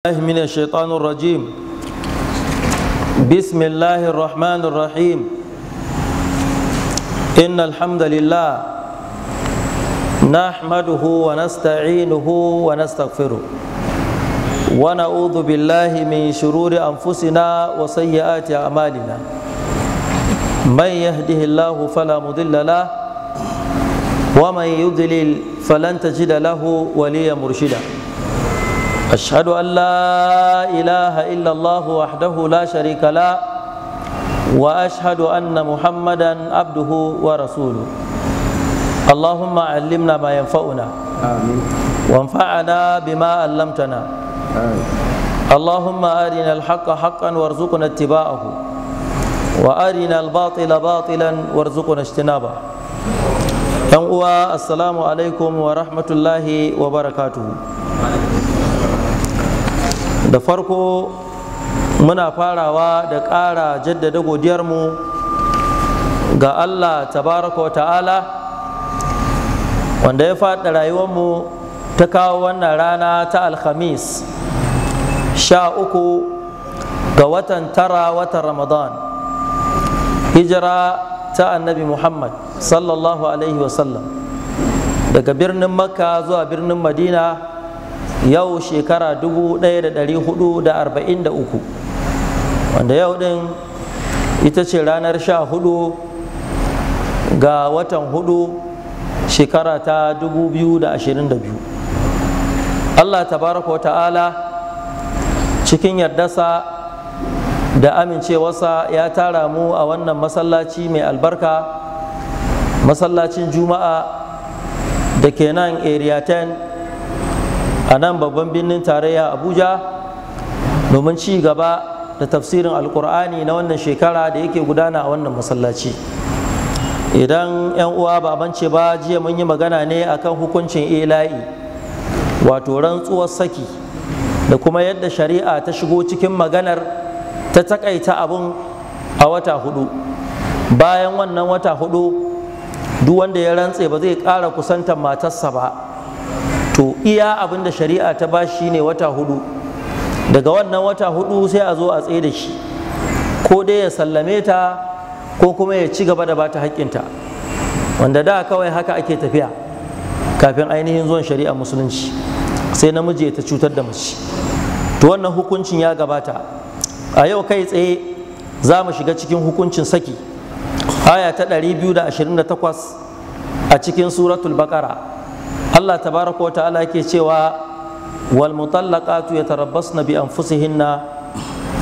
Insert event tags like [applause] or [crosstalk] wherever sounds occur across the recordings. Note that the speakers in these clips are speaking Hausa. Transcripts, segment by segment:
الله من الشيطان الرجيم بسم الله الرحمن الرحيم إن الحمد لله نحمده ونستعينه ونستغفره ونعوذ بالله من شرور أنفسنا وسيئات أعمالنا من يهده الله فلا مضل له ومن يضلل فلن تجد له وليا مرشدا أشهد أن لا إله إلا الله وحده لا شريك له وأشهد أن محمدا عبده ورسوله اللهم علمنا ما ينفعنا آمين وانفعنا بما علمتنا آمين اللهم أرنا الحق حقا وارزقنا اتباعه وأرنا الباطل باطلا وارزقنا اجتنابه yan uwa assalamu alaikum wa rahmatullahi wa barakatuhu da farko muna farawa da ƙara jaddada godiyarmu ga allah tabaraka wa ta'ala wanda ya faɗa rayuwarmu ta kawo wannan rana ta alhamis sha uku ga watan tara watan ramadan hijira ta annabi muhammad sallallahu alaihi wasallam daga birnin makka zuwa birnin madina yau shekara 1443 wanda yau din ita ce ranar 14 ga watan 4 shekara ta 2022 Allah Ta wa ta'ala cikin yardasa da amincewarsa ya tara mu a wannan masallaci mai albarka masallacin juma'a da ke nan area a nan babban birnin tarayya abuja domin ci gaba da tafsirin alkur'ani na wannan shekara da yake gudana a wannan masallaci idan 'yan uwa ba bance ba jiya mun yi magana ne akan hukuncin ila'i wato rantsuwar saki da kuma yadda shari'a ta shigo cikin maganar ta takaita abun a wata hudu bayan wannan wata hudu duk wanda ya rantse ba zai ƙara kusantar matarsa ba to iya abin da shari'a ta ba shi ne wata hudu daga wannan wata hudu sai a zo a tsaye da shi ko dai ya sallame ta ko kuma ya ci gaba da ba ta haƙƙinta wanda da kawai haka ake tafiya kafin ainihin zuwan shari'a musulunci sai namiji ya ta cutar da mace to wannan hukuncin ya gabata a yau kai tsaye za mu shiga cikin hukuncin saki aya ta 228 a cikin suratul baqara Allah tabaraka wa ta'ala yake cewa wal mutallaqatu yatarabbasna bi anfusihinna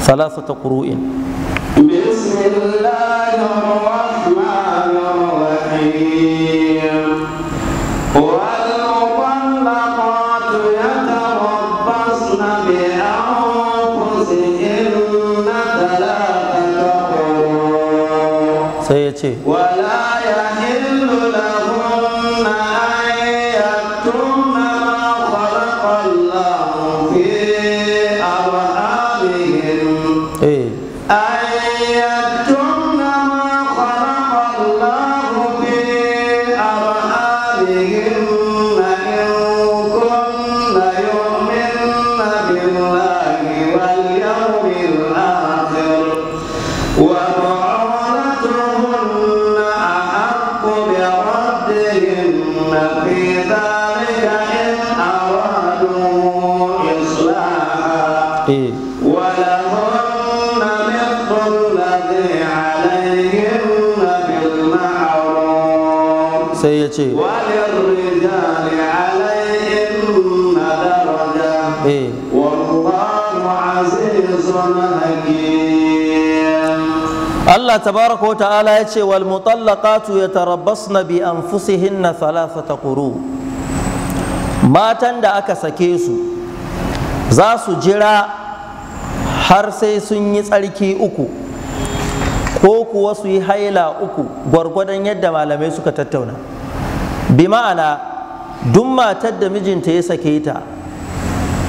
thalathata qurun bismillahir rahmanir rahim wal mutallaqatu yatarabbasna bi anfusihinna thalathata qurun sai ya ce wala Allah tabaraka wa ta'ala ya ce wal mutallaqatu yatarabbasna bi anfusihinna thalathata quru matan da aka sake su za su jira har sai sun yi tsarki uku ko kuwa su yi haila uku gwargwadon yadda malamai suka tattauna bi ma'ana duk matar da mijinta ya sake ta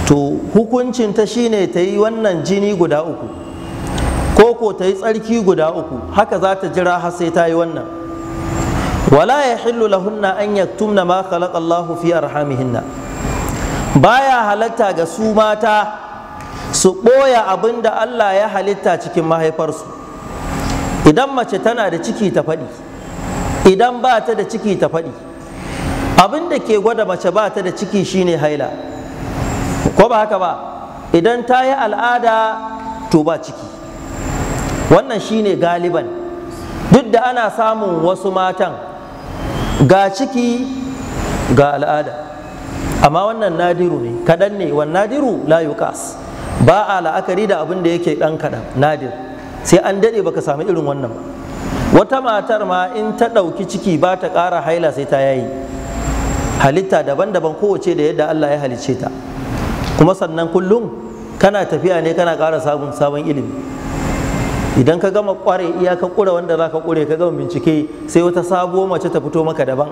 to hukuncinta shine ta yi wannan jini guda uku Koko ta yi tsarki guda uku haka za ta jira har sai ta yi wannan wala ya hillu lahunna an yaktumna ma khalaqa Allahu fi arhamihinna baya halatta ga su mata su ɓoya abin da Allah ya halitta cikin mahaifarsu idan mace tana da ciki ta faɗi idan ba ta da ciki ta faɗi abin da ke gwada mace ba ta da ciki shine haila ko ba haka ba idan ta yi al'ada to ba ciki wannan shine galiban duk da ana samun wasu matan ga ciki ga al'ada amma wannan nadiru ne kaɗan ne wannan nadiru la ba a la'akari da abin da yake ɗan kaɗan nadir sai an daɗe baka samu irin wannan ba wata matar ma in ta ɗauki ciki ba ta ƙara haila sai ta yayi halitta daban-daban kowace da yadda Allah ya halicce ta kuma sannan kullum kana tafiya ne kana ƙara sabon sabon ilimi idan ka gama kware iya ka kura wanda za ka kure ka gama bincike sai wata sabuwar mace ta fito maka daban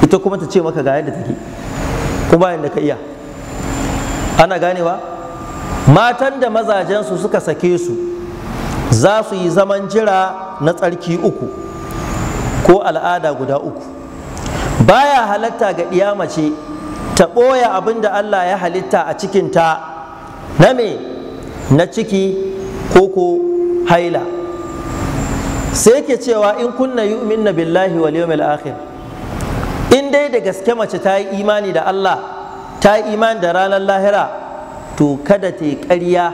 ita kuma ta ce maka ga yadda take kuma yadda ka iya ana ganewa matan da mazajensu suka sake su za su yi zaman jira na tsarki uku ko al'ada guda uku baya halatta ga iya mace ta ɓoya abin da Allah ya halitta a cikinta na me na ciki koko haila sai yake cewa in kunna yu'minna billahi wal yawmil akhir in dai da gaske mace ta yi imani da Allah ta yi imani da ranar lahira to kada ta yi ƙarya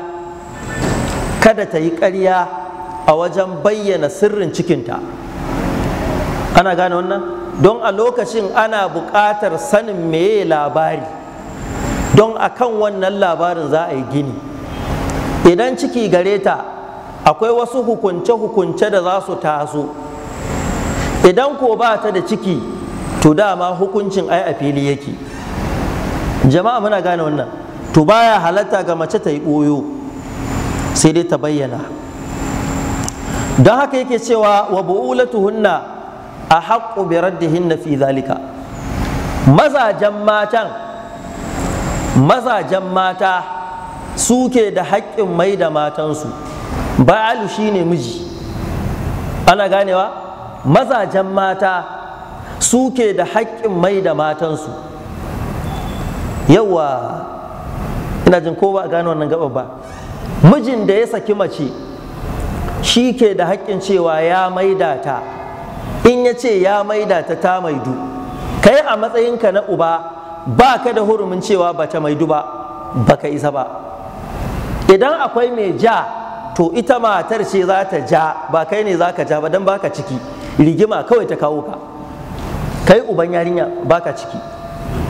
kada ta yi ƙarya a wajen bayyana sirrin cikinta ana gane wannan don a lokacin ana buƙatar sanin meye labari don akan wannan labarin za a yi gini idan ciki gare ta akwai wasu hukunce-hukunce da za su taso idan ko ba ta da ciki to dama hukuncin ai a fili yake jama'a muna gane wannan to baya halatta ga mace ta yi ɓoyo sai dai ta bayyana don haka yake cewa wa bu'ulatuhunna a haƙƙo bi raddihinna fi zalika mazajen matan mazajen mata suke da haƙƙin mai da matansu ba'alu shi ne miji ana ganewa mazajen mata suke da haƙƙin mai da matansu yawa ina jin ko ba a gane wannan gaba ba mijin da ya saki mace shi ke da haƙƙin cewa ya maida ta in ya ce ya maida ta ta maidu kai a matsayinka na uba ba ka da hurumin cewa ba ta maidu ba ba ka isa ba idan akwai mai ja to ita matar ce za ta ja ba kai ne za ka ja ba don ba ka ciki rigima kawai ta kawo ka kai uban yarinya ba ka ciki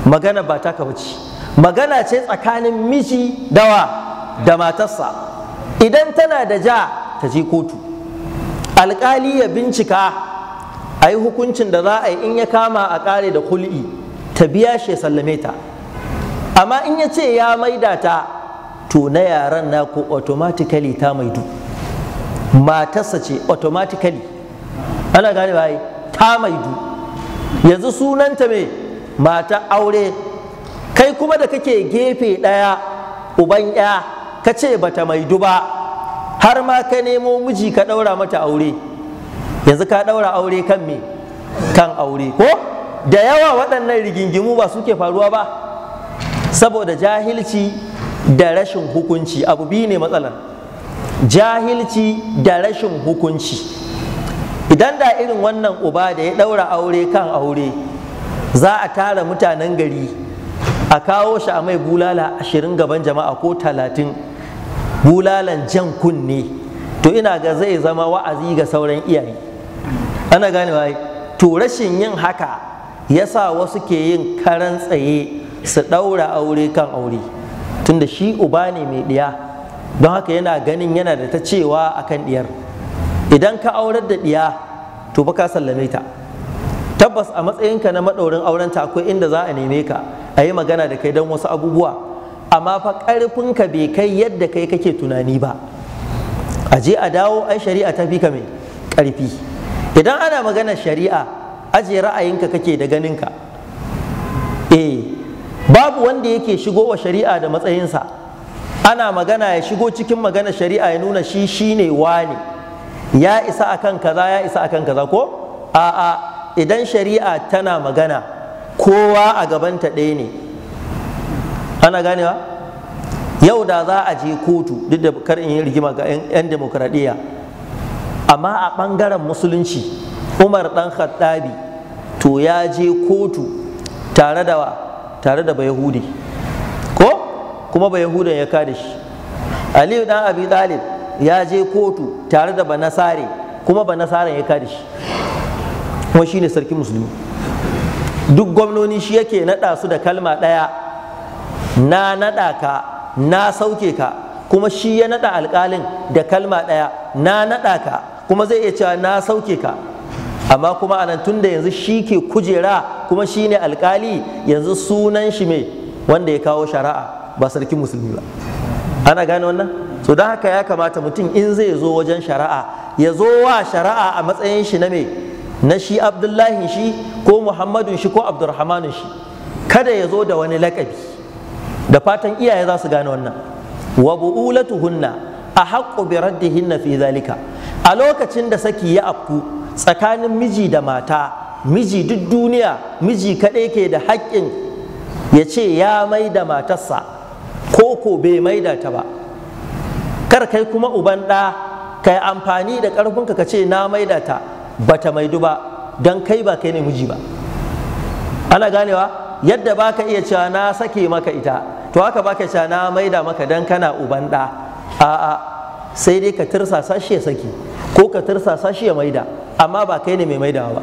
magana ba ta ka wuce magana ce tsakanin miji dawa da matarsa idan tana da ja ta je kotu alkali ya bincika a yi hukuncin da za a yi in ya kama a kare da kul'i ta biya shi ya sallame ta amma in ya ce ya maida ta to na yaran naku automatically ta maidu matarsa ce automatically ana gane bai ta maidu yanzu sunanta me mata aure kai kuma da kake gefe ɗaya uban ya ka ce bata maidu ba har ma ka nemo miji ka ɗaura mata aure yanzu ka ɗaura aure kan me kan aure ko da yawa waɗannan rigingimu ba suke faruwa ba saboda jahilci da rashin hukunci abu biyu ne matsalar jahilci da rashin hukunci idan da irin wannan uba da ya ɗaura aure kan aure za a tara mutanen gari a kawo shi a mai bulala ashirin gaban jama'a ko talatin bulalan jan kunne to ina ga zai zama wa'azi ga sauran iyaye ana gane wa to rashin yin haka ya sa wasu ke yin karan tsaye su ɗaura aure kan aure tunda shi uba ne mai ɗiya don haka yana ganin yana da ta cewa a kan ɗiyar idan ka aurar da ɗiya to ba ka sallame ta tabbas a matsayinka na maɗaurin aurenta akwai inda za a neme ka a yi magana da kai don wasu abubuwa amma fa ƙarfinka bai kai yadda kai kake tunani ba a je a dawo ai shari'a ta fi ka mai ƙarfi idan ana magana shari'a ajiye ra'ayinka kake da ganinka eh babu wanda yake shigo wa shari'a da matsayinsa ana magana ya shigo cikin magana shari'a ya nuna shi shine ne. ya isa akan kaza ya isa akan kaza ko a'a idan shari'a tana magana kowa a gabanta ɗaya ne ana ganewa yau da za a je kotu duk da kar in yi rigima ga 'yan demokradiyya amma a ɓangaren musulunci umar ɗan khattabi to ya je kotu tare da wa tare da bayahudi ko kuma bayahudan ya kada shi aliyu dan abi talib ya je kotu tare da banasare kuma banasaren ya kada shi kuma shine Sarki musulmi duk gwamnoni shi yake naɗa su da kalma ɗaya na naɗa ka na sauke ka kuma shi ya naɗa alƙalin da kalma ɗaya na naɗa ka kuma zai iya cewa na sauke ka amma kuma anan tun da yanzu shi ke kujera kuma shi ne alkali yanzu sunan shi mai wanda ya kawo shari'a ba sarkin musulmi ba ana gane wannan so don haka ya kamata mutum in zai zo wajen shari'a ya zo wa shari'a a matsayin shi na mai na shi abdullahi shi ko muhammadun shi ko abdurrahmanun shi kada ya zo da wani lakabi da fatan iyaye za su gane wannan wa bu'ulatuhunna a haƙƙo bi raddihinna fi zalika a lokacin da saki ya afku tsakanin miji da mata miji duk duniya miji kaɗai ke da haƙƙin ya ce ya mai da matarsa ko ko bai mai da ta ba kar kai kuma uban ɗa ka yi amfani da ƙarfinka ka ce na mai da ta ba ta maidu ba don kai ba kai ne miji ba ana ganewa yadda ba ka iya cewa na sake maka ita to haka ba ka cewa na maida maka don kana uban ɗa a'a sai dai ka tursasa shi ya saki ko ka tursasa shi ya maida amma ba kai ne mai maidawa ba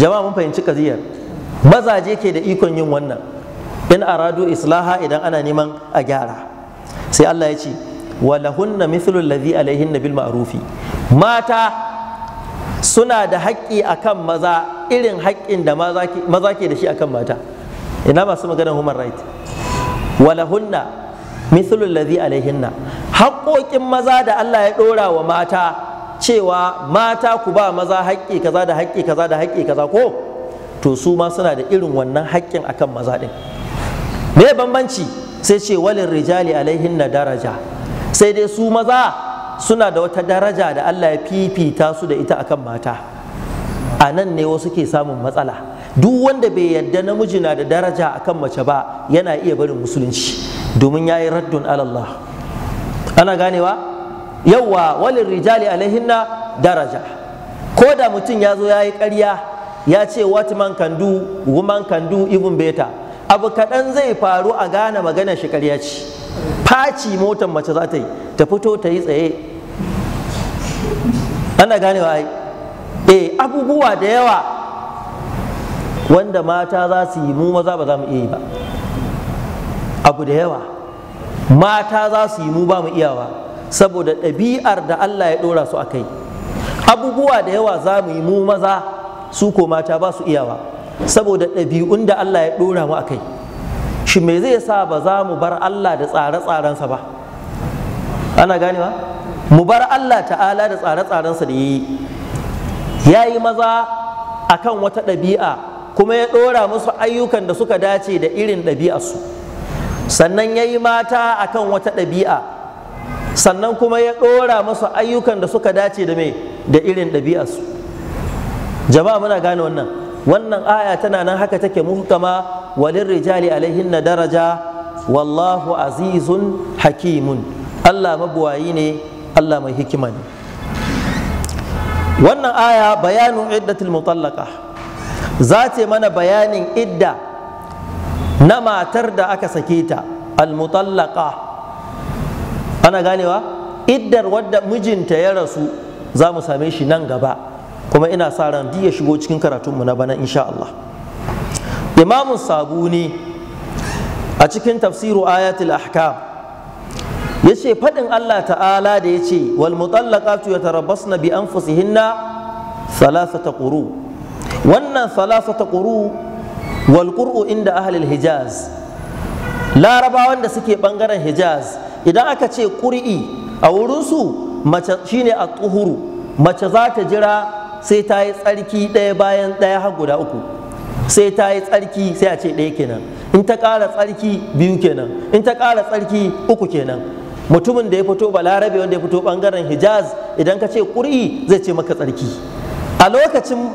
jama'a mun fahimci kaziyar mazaje ke da ikon yin wannan in aradu islaha idan ana neman a gyara sai Allah ya ce wa lahunna mithlu allazi alaihinna bil ma'rufi mata suna da haƙƙi akan maza irin haƙƙin da maza ke da shi akan mata ina masu maganar human right walahunna mithlul ladhi alaihinna haƙoƙin maza da Allah ya ɗora wa mata cewa mata ku ba maza haƙƙi kaza da haƙƙi kaza da haƙƙi kaza ko to su ma suna da irin wannan haƙƙin akan maza ɗin me bambanci sai ce walin rijali alaihinna daraja sai dai su maza suna da wata daraja da Allah ya fifita su da ita akan mata a nan ne wasu ke samun matsala duk wanda bai yarda namiji na da daraja akan mace ba yana iya barin musulunci domin ya yi raddun alallah ana ganewa yawwa walin rijali na daraja ko da mutum ya zo ya yi ƙarya ya ce what man can do woman can do even better abu kaɗan zai faru a gane maganar shi karya ce faci motar mace za ta yi ta fito ta yi tsaye ana ganewa ai eh abubuwa da yawa wanda mata za su yi mu maza ba za mu iya yi ba abu da yawa mata za su yi mu ba mu iyawa saboda ɗabi'ar da Allah ya ɗora su a kai abubuwa da yawa za mu yi mu maza su ko mata ba su iyawa saboda ɗabi'un da Allah ya ɗora mu a kai shi me zai sa ba za mu bar Allah da tsare-tsarensa ba ana ganewa mu bar Allah ta'ala da tsare-tsarensa da ya yi ya yi maza akan wata ɗabi'a kuma ya ɗora musu ayyukan da suka dace da irin ɗabi'arsu su sannan ya yi mata a kan wata ɗabi'a sannan kuma ya ɗora masu ayyukan da suka dace da mai da irin ɗabi'arsu jama'a muna gane wannan wannan aya tana nan haka take muhkama walin rijali alaihin na daraja wallahu azizun hakimun allah mabuwayi ne allah mai hikima ne wannan aya bayanin iddatul mutallaka za ta mana bayanin idda na matar da aka sake ta almutallaka ana ganewa iddar wadda mijinta ya rasu za mu same shi nan gaba kuma ina sa ran ya shigo cikin karatunmu na bana insha Allah imamun sabuni a cikin tafsiru ayatul ahkam ya ce faɗin Allah ta'ala da ya ce wal mutallaqatu yatarabbasna bi anfusihinna thalathata quru wannan thalathata quru Walƙur'u inda ahalil hijaz larabawan da suke bangaren hijaz idan aka ce ƙuri'i a wurinsu mace shine a tuhuru mace za ta jira sai ta yi tsarki ɗaya bayan ɗaya har guda uku sai ta yi tsarki sai a ce ɗaya kenan in ta ƙara tsarki biyu kenan in ta ƙara tsarki uku kenan mutumin da ya fito balarabe wanda ya fito bangaren hijaz idan ka ce ƙuri zai ce maka tsarki a lokacin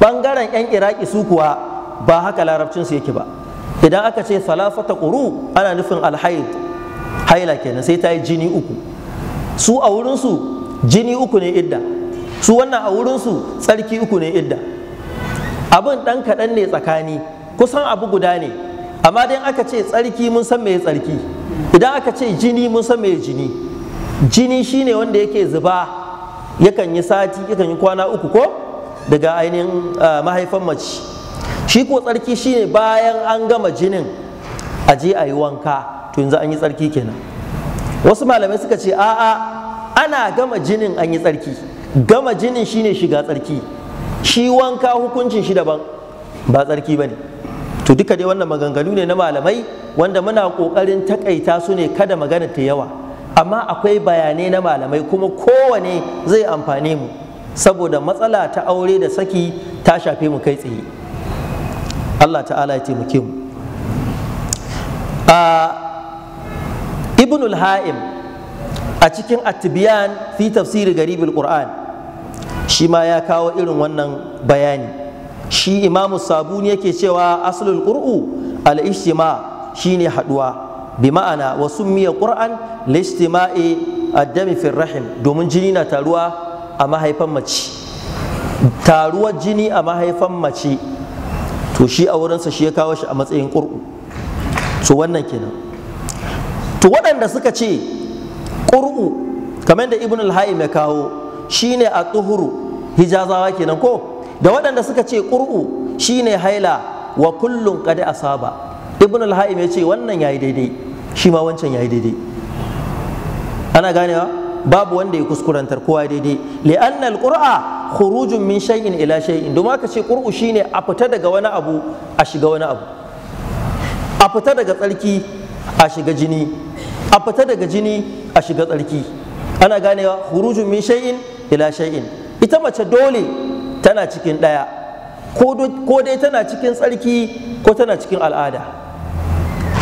bangaren 'yan iraki su kuwa ba haka larabcinsu yake ba idan aka ce salafata quru ana nufin alhaid haila kenan sai ta yi jini uku su a wurin jini uku ne idda su wannan a wurinsu tsarki uku ne idda abin dan kaɗan ne tsakani kusan abu guda ne amma dai aka ce tsarki mun san me tsarki idan aka ce jini mun san me jini jini shine wanda yake zuba yakan yi sati yakan yi kwana uku ko daga ainihin ah, mahaifan mace shi ko tsarki shine bayan an gama jinin a je a yi wanka to yanzu an yi tsarki kenan wasu malamai suka ce a'a ana gama jinin an yi tsarki gama jinin shine shiga tsarki shi wanka hukuncin shi daban ba tsarki ba ne. to duka dai wannan maganganu ne na malamai wanda muna kokarin takaita su ne kada magana ta yawa amma akwai bayanai na malamai kuma kowane zai amfane mu saboda matsala ta aure da saki ta shafe mu kai tsaye Allah ta'ala ya taimake mu A Ibnul haim a cikin atibiyan fi tafsir garib al-qur'an shi ma ya kawo irin wannan bayani shi imamu sabuni yake cewa aslul kur'u? al-ijtima shine haduwa bi ma'ana wasu summiya qur'an li-ijtima'i fi rahim domin jini na taruwa a mahaifan mace taruwar jini a mahaifan mace to shi a wurinsa shi ya kawo shi a matsayin ƙur'u so wannan kenan to waɗanda suka ce ƙur'u kamar da ibn al-haim ya kawo shine a tuhuru hijazawa kenan ko da waɗanda suka ce ƙur'u shine haila wa kullum a asaba ibn al-haim ya ce wannan yayi daidai shi ma wancan yayi daidai ana ganewa babu wanda ya kuskurantar kowa daidai li'annal qur'a khurujun min shay'in ila shay'in domin aka ce qur'u shine a fita daga wani abu a shiga wani abu a fita daga tsarki a shiga jini a fita daga jini a shiga tsarki ana ganewa khurujun min shay'in ila shay'in ita mace dole tana cikin ɗaya ko dai tana cikin tsarki ko tana cikin al'ada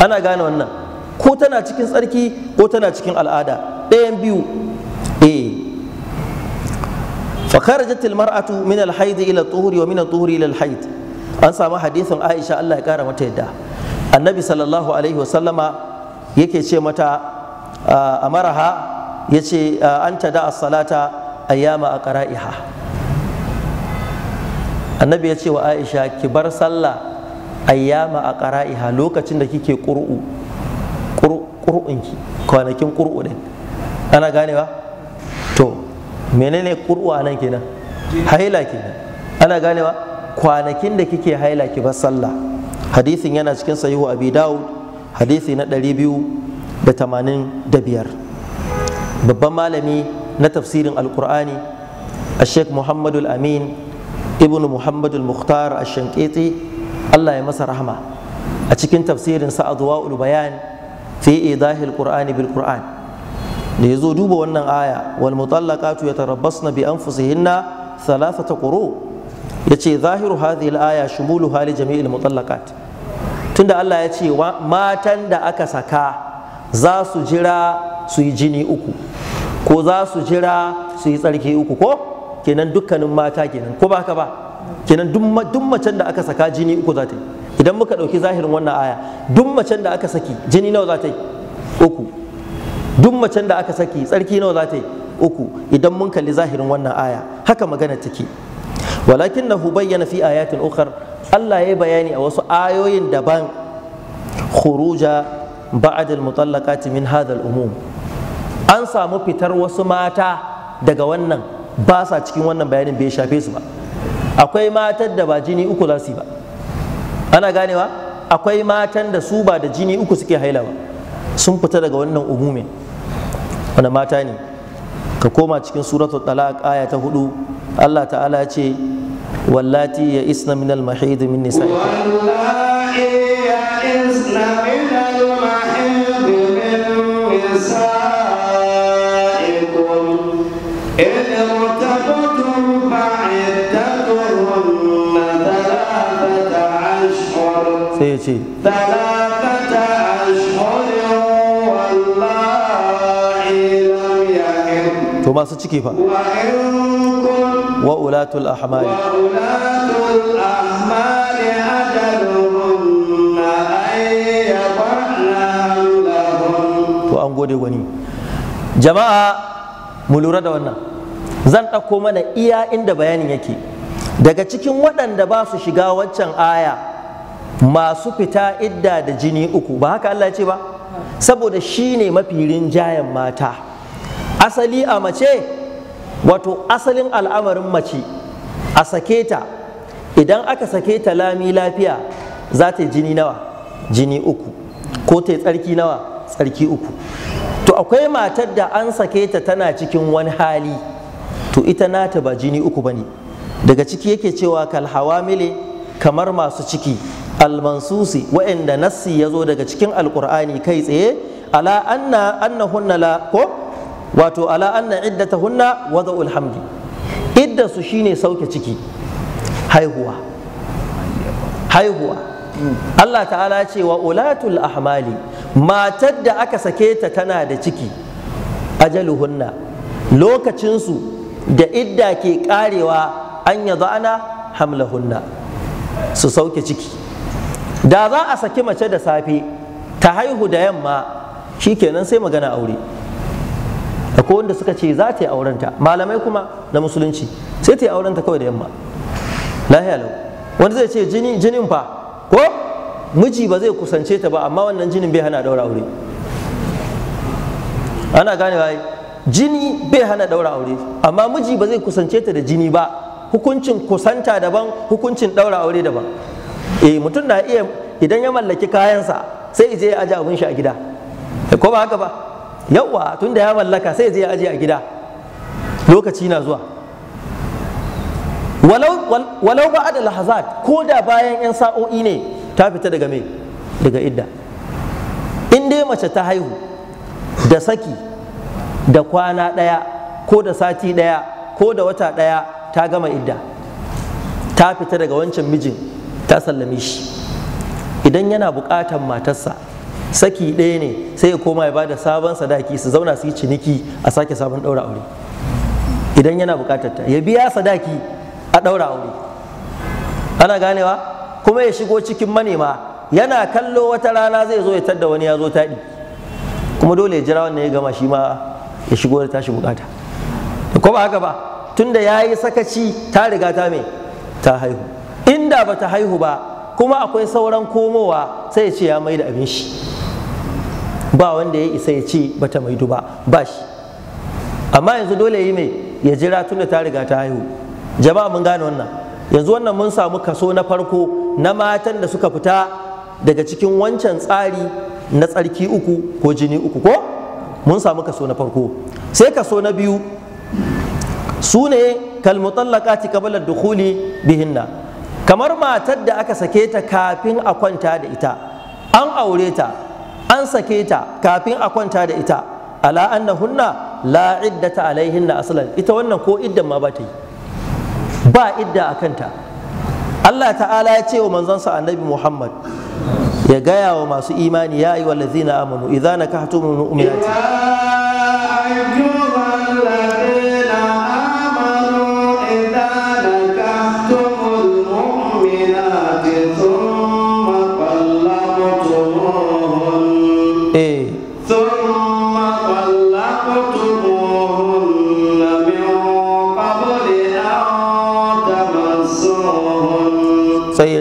ana gane wannan ko tana cikin tsarki ko tana cikin al'ada ɗayan biyu fa kharajatil mar'atu min al ila tuhuri wa min al tuhuri ila al an samu hadisin Aisha Allah ya kara mata yadda annabi sallallahu alaihi wasallama yake ce mata amaraha yace an salata annabi ya ce wa Aisha ki bar sallah ayyama aqra'iha lokacin da kike qur'u qur'unki kwanakin qur'u din ana ganewa to menene kurwa nan kenan haila kenan ana ganewa kwanakin da kike haila ki bar sallah hadisin yana cikin sahihu abi daud hadisi na ɗari biyu da tamanin da biyar babban malami na tafsirin alkur'ani a sheikh Muhammadu amin Ibnu muhammadul mukhtar a shanƙiti allah ya masa rahma. a cikin tafsirin sa'adu wa'ul bayan fi idahil qur'ani bil qur'ani da ya zo duba wannan aya wal mutallaqatu yatarabbasna bi anfusihinna thalathata quru yace zahiru hadhihi al aya shumulu hali jami'il mutallaqat tunda Allah ya ce matan da aka saka za su jira su yi jini uku ko za su jira su yi tsarki uku ko kenan dukkanin mata kenan ko ba ka ba kenan duk macen da aka saka jini uku za ta yi idan muka ɗauki zahirin wannan aya duk macen da aka saki jini nawa za ta yi uku duk macen da aka saki tsarki nawa za ta yi uku idan mun kalli zahirin wannan aya haka magana take walakin na bayyana fi ayatin ukar. Allah ya bayani a wasu ayoyin daban khuruja ba'd al-mutallaqat min hadha al-umum an samu fitar wasu mata daga wannan ba sa cikin wannan bayanin bai shafe su ba akwai matan da ba jini uku za su yi ba ana ganewa akwai matan da su ba da jini uku suke haila ba sun fita daga wannan umumin wanda mata ne ka koma cikin suratul talaq aya ta hudu Allah ta'ala ya ce wallati ya isna min al mahid min nisa'i wallati ya isna min al mahid min nisa'ikum in irtabtum fa'iddatuhunna thalathata ashhur sai ya ce to masu ciki fa wa ulatul ahmali to an gode gwani jama'a mu lura da wannan zan ɗauko mana iya inda bayanin yake daga cikin waɗanda ba su shiga waccan aya masu fita idda da jini uku ba haka Allah ce ba saboda shi ne mafi rinjayen mata asali a mace wato asalin al'amarin mace a sake ta idan aka sake ta lami lafiya za ta yi jini nawa jini uku ko ta yi tsarki nawa tsarki uku to akwai matar da an sake ta tana cikin wani hali to ita nata ba jini uku ba ne daga ciki yake cewa kalhawamile kamar masu ciki almansusi wa'anda nassi ya zo daga cikin alkur'ani kai tsaye ala anna annahunna la ko wato ala anna hunna, wada'ul alhamdi. iddasu su shine sauke ciki haihuwa haihuwa Allah ta'ala ce wa ulatul ahmali matar da aka sake ta tana da ciki ajaluhunna lokacinsu da idda ke karewa an ya ana hamlahunna su sauke ciki da za a saki mace da safe ta haihu da yamma Shi kenan sai magana aure akwai wanda suka ce za ta yi aurenta malamai kuma na musulunci sai ta yi aurenta kawai da yamma lahiya lau wanda zai ce jini jinin fa ko miji ba zai kusance ta ba amma wannan jinin bai hana daura aure ana gane bai jini bai hana daura aure amma miji ba zai kusance ta da jini ba hukuncin kusanta daban hukuncin daura aure daban eh mutum na iya idan ya mallaki kayansa sai je ya aje abin shi a gida eh, ko ba haka ba yawa tun da ya mallaka sai zai ajiye aje a gida lokaci na zuwa walau ba adal lahazat ko da bayan 'yan sa'o'i ne ta fita daga mai daga idda in dai mace ta haihu da saki da kwana ɗaya ko da sati ɗaya ko da wata ɗaya ta gama idda ta fita daga wancan mijin ta sallame shi idan yana bukatan matarsa saki ɗaya ne sai ya koma ya ba da sabon sadaki su zauna su yi ciniki a sake sabon ɗaura aure idan yana buƙatar ta ya biya sadaki a ɗaura aure ana ganewa kuma ya shigo cikin manema yana kallo wata rana zai zo ya tadda wani ya zo taɗi kuma dole ya jira wannan ya gama shi ma ya shigo da tashi buƙata da ba haka ba tunda ya yi sakaci ta riga ta me ta haihu inda ba ta haihu ba kuma akwai sauran komowa sai ya ce ya mai da abin shi ba wanda ya isa ya ce bata maido ba ba shi amma yanzu dole yi mai ya jira tun da ta riga ta haihu jama'a mun gane wannan yanzu wannan mun samu kaso na farko na matan da suka fita daga cikin wancan tsari na tsarki uku ko jini uku ko mun samu kaso na farko sai kaso na biyu su ne kalmutallaqati kabalar dukuli bihinna kamar matar da aka sake ta kafin a kwanta da ita an aure ta an sake ta kafin a kwanta da ita ala annahunna la iddata alaihinna aslan ita wannan ko iddan ma ba ta yi ba idda a kanta Allah ta'ala ya ce wa manzansa annabi Muhammad ya gaya wa masu imani ya yi wa lazina amanu idza nakahtumul mu'minati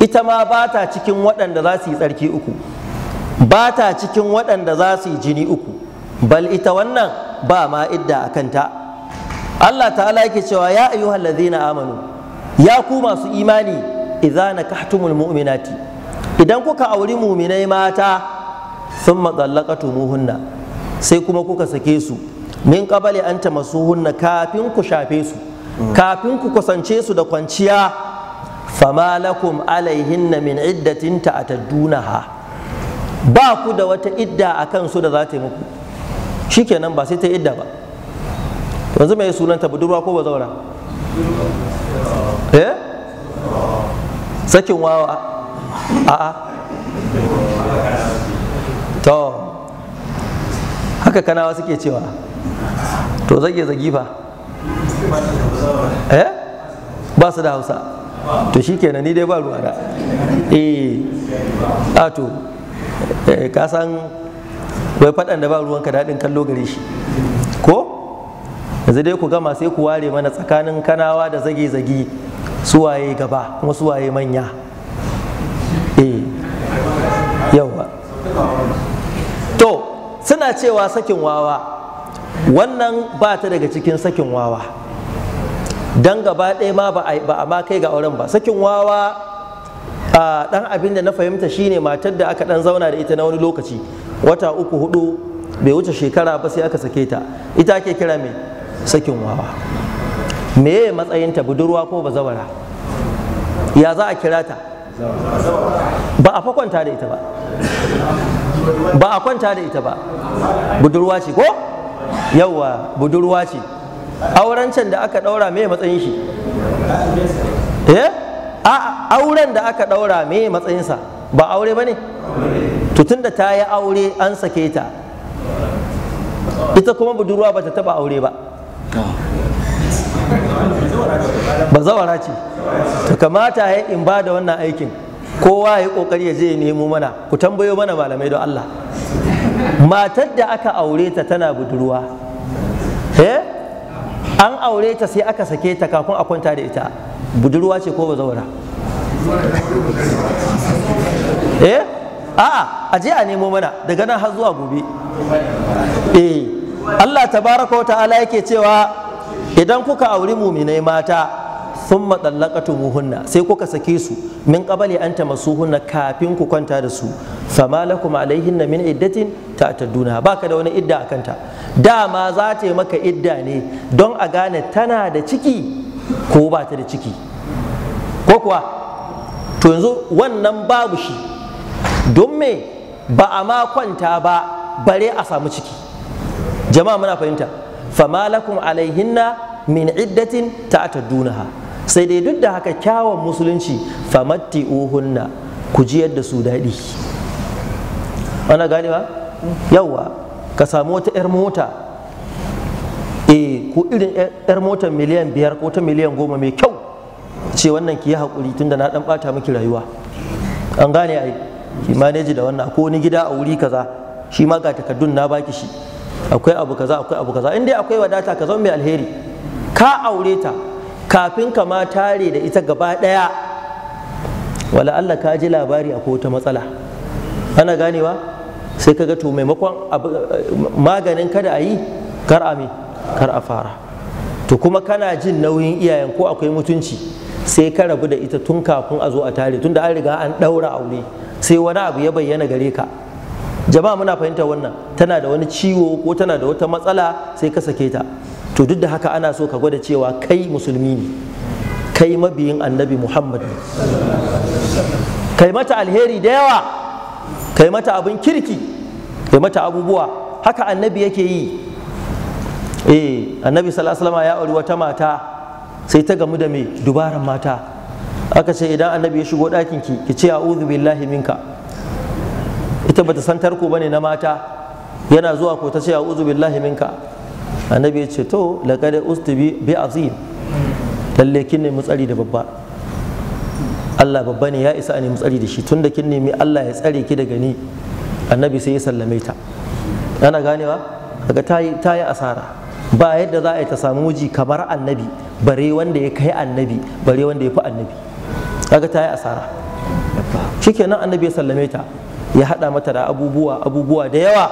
ita ma ba ta cikin waɗanda za su yi tsarki uku ba ta cikin waɗanda za su yi jini uku bal ita wannan ba ma idda a kanta Allah ta'ala yake cewa ya ayyuhal ladzina amanu ya ku masu imani idza nakahtumul mu'minati idan kuka auri muminai mata sun hunna sai kuma kuka sake su min qabali an hunna kafin ku shafe su kafin ku kusance su da kwanciya fama lakum alaihinna min iddatin ta'taddunaha ba ku da wata idda a kansu da za ta yi muku shikenan ba sai ta idda ba yanzu mai sunanta budurwa ko zaura eh sakin wawa a'a to haka kanawa suke cewa to zage zagifa eh ba su da hausa to kenan ni dai ba ruwa da eh a to eh, ka san wai faɗan da ba ruwan ka daɗin kallo gare shi ko yanzu dai ku gama sai ku ware mana tsakanin kanawa da zage-zage suwaye gaba kuma suwaye manya eh yawa to suna cewa sakin wawa wannan ba ta daga cikin sakin wawa Don gaba ɗaya ma ba a ma kai ga auren ba sakin wawa a ɗan abin da na fahimta shine matar da aka ɗan zauna da ita na wani lokaci wata uku hudu bai wuce shekara ba sai aka sake ta ita ake kira mai sakin wawa meye matsayinta budurwa ko ba zawara? ya za a kira ta ba a kwanta da ita ba ba a kwanta da ita ba budurwa ce ko yauwa budurwa ce auren da aka ɗaura me matsayin shi eh? a auren da aka ɗaura me sa ba aure ba ne tun da ta yi aure an sake ta ita kuma budurwa ba ta taba aure ba ba zawara ce ta kamata ya in ba da wannan aikin kowa ya kokari ya je nemo mana ku tambayo mana malamai don Allah matar da aka aure ta tana budurwa eh an aure ta sai aka sake ta kafin a kwanta da ita budurwa ce ko bazawara eh a'a a je a nemo mana daga nan har zuwa gobe eh Allah tabaraka wa ta'ala yake cewa idan kuka auri muminai mata thumma buhunna sai kuka sake su min qabali an tamassuhunna kafin ku kwanta da su fa malakum alaihinna min iddatin ta'tadduna baka da wani idda akanta dama za ta yi maka idda ne don a gane tana da ciki ko ba ta da ciki ko kuwa to yanzu wannan babu shi don me ba a ma kwanta ba bare a samu ciki jama'a muna fahimta fa malakum alaihinna min iddatin ta'taddunaha sai dai duk da haka kyawun musulunci famatti uhunna ku jiyar da su daɗi ana ba yawwa ka samu wata 'yar mota e eh, ko irin 'yar mota miliyan biyar ko ta miliyan goma mai kyau ce wannan ki yi haƙuri da na ɗan ɓata miki rayuwa an gane ai ki maneji da wannan ko wani gida a wuri kaza shi ma ga takardun na baki shi akwai abu kaza akwai abu kaza in dai akwai wadata ka zama mai alheri ka aure ta kafin ka ma tare da ita gaba ɗaya wala Allah ka ji labari akwai wata matsala ana ganewa sai ka ga to maimakon maganin kada a yi kar a kar a fara to kuma kana jin nauyin iyayen ko akwai mutunci sai ka rabu da ita tun kafin a zo a tare tun da an riga an ɗaura aure sai wani abu ya bayyana gare ka jama'a muna fahimta wannan tana da wani ciwo ko tana da wata matsala sai ka sake ta to duk da haka ana so ka gwada cewa kai musulmi ne kai mabiyin annabi muhammad ne kai mata alheri da yawa kai mata abin kirki kai mata abubuwa haka annabi yake yi eh annabi sallallahu ya auri wata mata sai ta gamu da mai dubaran mata aka ce idan annabi ya shigo ɗakin ki ki ce a'udhu billahi minka ita bata san tarko bane na mata yana zuwa ko ta ce a'udhu billahi minka annabi ya ce to laqad ustubi bi azim lalle kin nemi tsari da babba Allah babba ne ya isa a nemi tsari da shi Tun da kin nemi Allah ya tsare ki daga ni annabi sai ya sallame ta ana ganewa daga ta yi ta yi asara ba yadda za a yi ta samu wuji kamar annabi bare wanda ya kai annabi bare wanda ya fi annabi daga ta yi asara shikenan annabi ya sallame ta ya haɗa mata da abubuwa abubuwa da yawa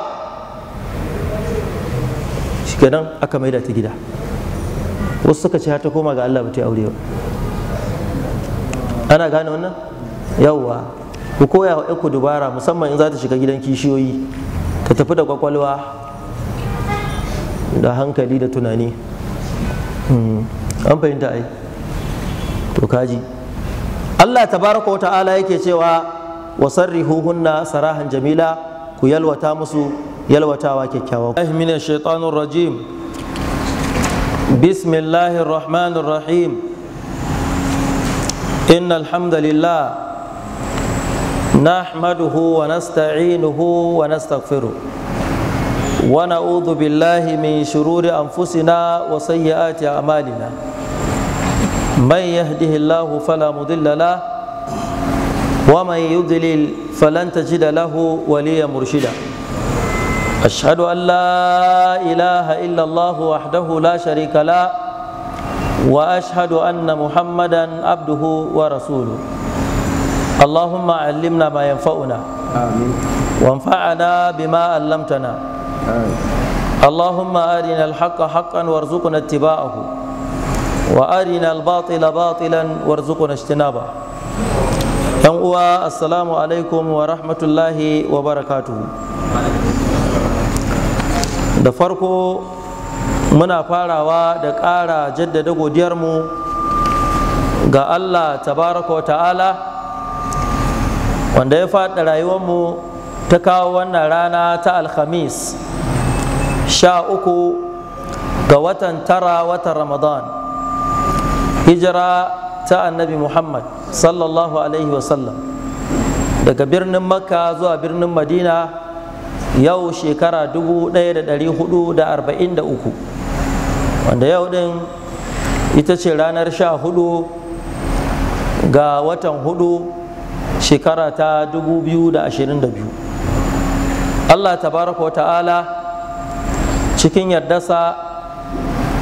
kenan aka maida ta gida wasu suka ce ta koma ga Allah ba ta aure ba ana gane wannan yawwa ku koya wa ku dubara musamman in za ta shiga gidan kishiyoyi ta tafi da kwakwalwa da hankali da tunani hmm. an fahimta ai to kaji Allah tabaraka wa ta'ala yake cewa wasarrihuhunna sarahan jamila ku yalwata musu yalwatawa kyakkyawa ku ahmina shaitanur rajim bismillahir rahmanir rahim wa nasta'inuhu min shururi anfusina wa sayyiati a'malina من يهده الله فلا مضل له ومن يضلل فلن تجد له أشهد أن لا إله إلا الله وحده لا شريك له وأشهد أن محمدا عبده ورسوله اللهم علمنا ما ينفعنا آمين وانفعنا بما علمتنا آمين اللهم أرنا الحق حقا وارزقنا اتباعه وأرنا الباطل باطلا وارزقنا اجتنابه يوم السلام عليكم ورحمة الله وبركاته da farko muna farawa da ƙara jaddada godiyarmu ga allah tabaraka wa ta'ala wanda ya faɗa rayuwarmu ta kawo wannan rana ta alhamis sha uku ga watan tara watan ramadan hijira ta annabi muhammad sallallahu alaihi wasallam daga birnin makka zuwa birnin madina yau shekara 1443 wanda yau din ita ce ranar 14 ga watan 4 shekara ta 2022 Allah tabaraka wa ta'ala cikin yardasa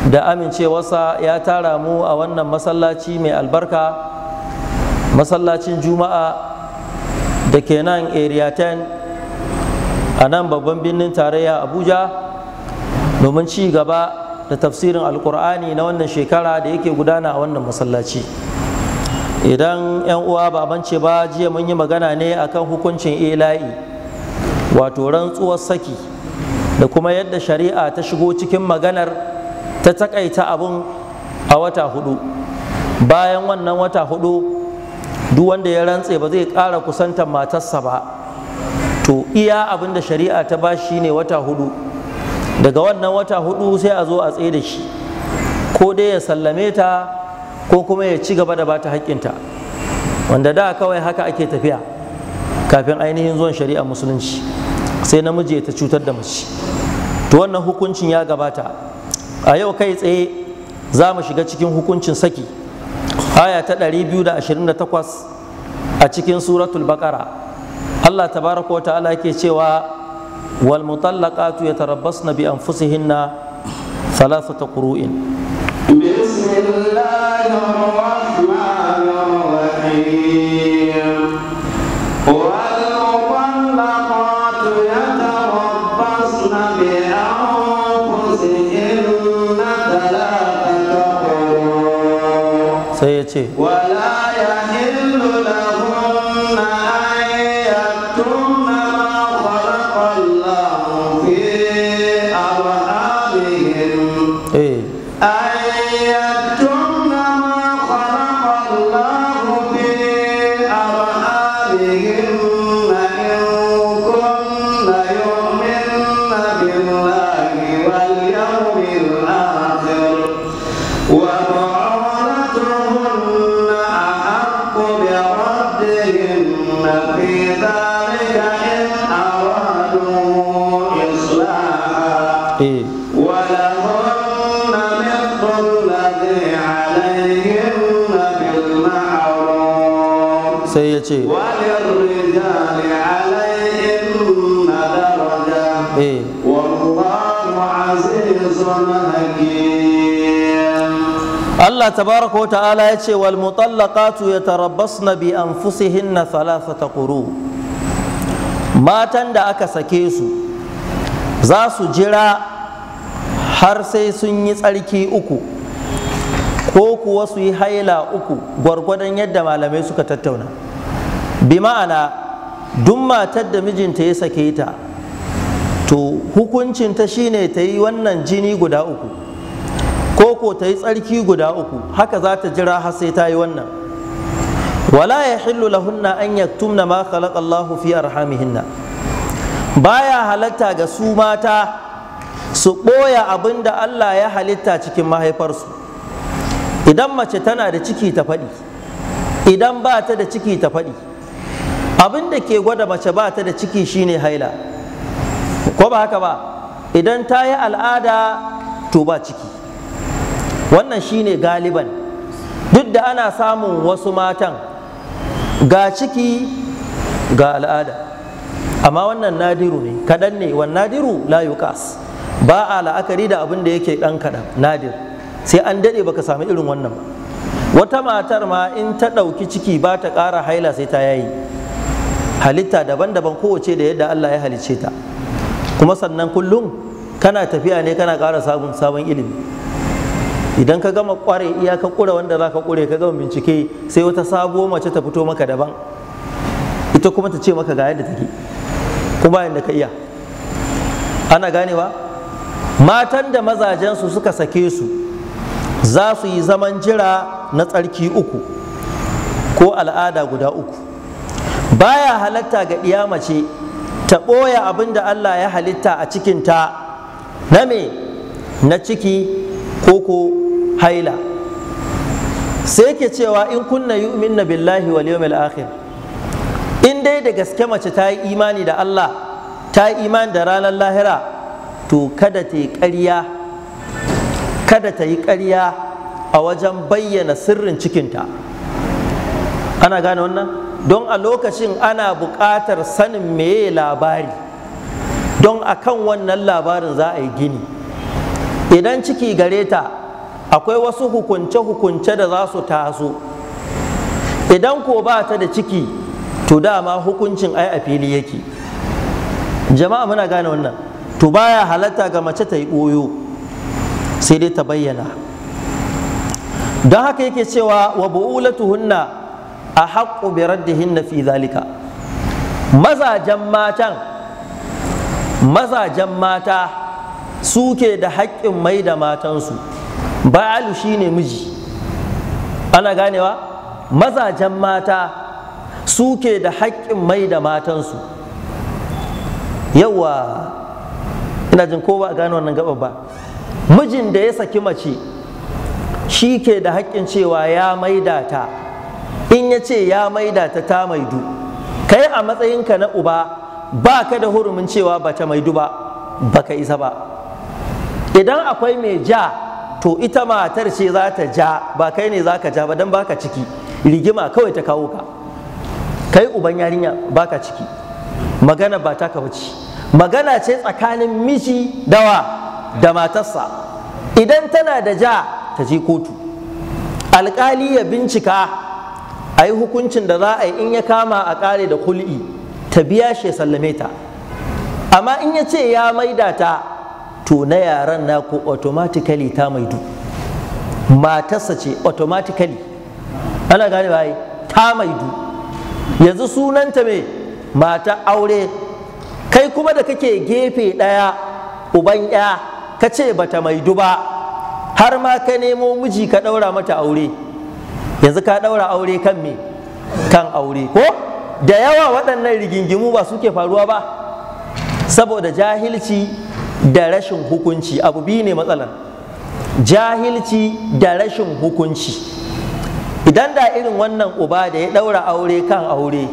da amincewarsa ya tara mu a wannan masallaci mai albarka masallacin juma'a da ke nan area 10 a nan babban birnin tarayya abuja domin ci gaba da tafsirin alkur'ani na wannan shekara da yake gudana a wannan masallaci idan 'yan uwa ba bance ba jiya mun yi magana ne akan hukuncin ila'i wato rantsuwar saki da kuma yadda shari'a ta shigo cikin maganar ta takaita abun a wata hudu bayan wannan wata hudu duk wanda ya rantse ba zai ƙara kusantar matarsa ba to iya abin da shari'a ta ba shi ne wata hudu daga wannan wata hudu sai a zo a tsaye da shi ko dai ya sallame ta ko kuma ya ci gaba da bata haƙƙinta wanda da kawai haka ake tafiya kafin ainihin zuwan shari'a musulunci sai namiji ya ta cutar da mace to wannan hukuncin ya gabata a yau kai tsaye za mu shiga cikin hukuncin saki aya ta 228 a cikin suratul baqara Allah tabaraka wa ta'ala yake cewa wal mutallaqatu yatarabbasna bi anfusihinna thalathata qurun bismillahir ya Allah tabaraka wa ta'ala ya ce wal mutallaqatu yatarabbasna bi anfusihinna thalathata quru matan da aka sake su za su jira har sai sun yi tsarki uku ko kuwa su yi haila uku gwargwadon yadda malamai suka tattauna bi ma'ana duk matar da mijinta ya sake ta to hukuncinta shine ta yi wannan jini guda uku Koko ta yi tsarki guda uku haka za ta jira har sai ta yi wannan wala ya hillu lahunna an yaktumna ma khalaqa Allahu fi arhamihinna baya halatta ga su mata su ɓoya abin Allah ya halitta cikin mahaifarsu idan mace tana da ciki ta faɗi idan ba ta da ciki ta faɗi abin da ke gwada mace ba ta da ciki shine haila ko ba haka ba idan ta yi al'ada to ba ciki wannan shine galiban duk da ana samun wasu matan ga ciki ga al'ada amma wannan nadiru ne kaɗan ne wa nadiru la yuqas ba a la'akari da abin da yake ɗan kaɗan nadir sai an daɗe baka samu irin wannan ba wata matar ma in ta ɗauki ciki ba ta ƙara haila sai ta yayi halitta daban-daban kowace da yadda Allah ya halicce ta kuma sannan kullum kana tafiya ne kana ƙara sabon ilimi idan ka gama kware iya ka kura wanda za ka kure ka gama bincike sai wata sabo mace ta fito maka daban ita kuma ta ce maka ga yadda take kuma yadda ka iya ana ganewa matan da mazajensu suka sake su za su yi zaman jira na tsarki uku ko al'ada guda uku baya halatta ga iya mace ta ɓoya abin da Allah ya halitta a cikinta na me na ciki koko haila sai yake cewa in kunna yu'minna billahi wal yawmil akhir in dai da gaske mace ta yi imani da Allah ta yi imani da ranar lahira to kada ta yi ƙarya kada ta yi ƙarya a wajen bayyana sirrin cikinta ana gane wannan don a lokacin ana buƙatar sanin meye labari don akan wannan labarin za a yi gini idan ciki gare ta akwai wasu hukunce-hukunce da za su taso idan ko ba ta da ciki to dama hukuncin ai a fili yake jama'a muna gane wannan to baya halatta ga mace ta yi ɓoyo sai dai ta bayyana don haka yake cewa wa bu'ulatuhunna a haƙƙo bi raddihinna fi zalika mazajen matan mazajen mata suke da haƙƙin mai da matansu ba'alu shine miji ana ganewa mazajen mata suke da haƙƙin mai da matansu yawa ina jin ko ba gane wannan gaba ba mijin da ya saki mace shi ke da haƙƙin cewa ya maida ta in ya ce ya maida ta ta maidu kai a matsayinka na uba ba ka da hurumin cewa ba ta maidu ba ba ka isa ba idan akwai mai ja to ita matar ce za ta ja ba kai ne za ka ja ba don baka ciki rigima kawai ta kawo ka kai uban yarinya baka ciki magana ba ta kawuci magana ce tsakanin miji dawa da matarsa idan tana da ja ta je kotu alkali ya bincika a yi hukuncin da za a yi in ya kama a kare da kul'i ta biya shi ya sallame ta amma in ya ce ya maida ta to na yaran naku automatically ta maidu matarsa ce automatically ana gane bai ta maidu yanzu sunanta me mata aure kai kuma da kake gefe ɗaya uban ya ka ce bata maidu ba har ma ka nemo miji ka ɗaura mata aure yanzu ka ɗaura aure kan me kan aure ko da yawa waɗannan rigingimu ba suke faruwa ba saboda jahilci da rashin hukunci abu biyu ne matsalar jahilci da rashin hukunci idan da irin wannan uba da ya ɗaura aure kan aure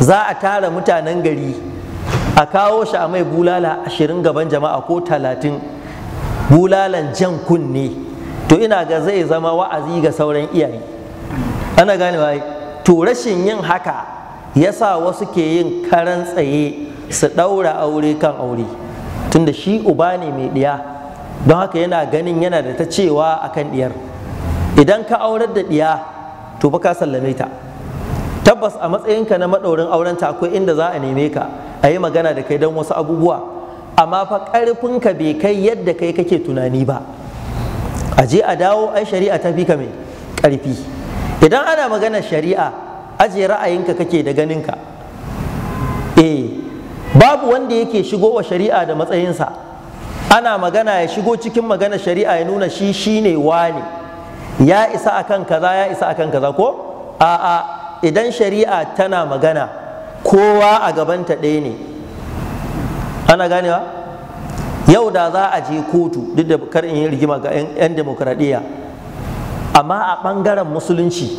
za a tara mutanen gari a kawo shi a mai bulala ashirin gaban jama'a ko talatin bulalan jan kunne to ina ga zai zama wa'azi ga sauran iyaye ana ganewa to rashin yin haka ya sa wasu ke yin karan tsaye su ɗaura aure kan aure tunda shi uba ne mai ɗiya don haka yana ganin yana da ta cewa a kan ɗiyar idan ka aurar da ɗiya to ba ka sallame ta tabbas a matsayinka na maɗaurin aurenta akwai inda za a neme ka a yi magana da kai don wasu abubuwa amma fa ƙarfinka bai kai yadda kai kake tunani ba a je a dawo ai shari'a ta fi ka mai ƙarfi idan ana magana shari'a ajiye ra'ayinka kake da ganinka eh babu wanda yake shigo wa shari'a da matsayinsa ana magana ya shigo cikin magana shari'a ya nuna shi shine wane ya isa akan kaza ya isa akan kaza ko a'a idan shari'a tana magana kowa a gabanta ɗaya ne ana ganewa yau da za a je kotu duk da kar in yi rigima ga 'yan demokradiyya amma a ɓangaren musulunci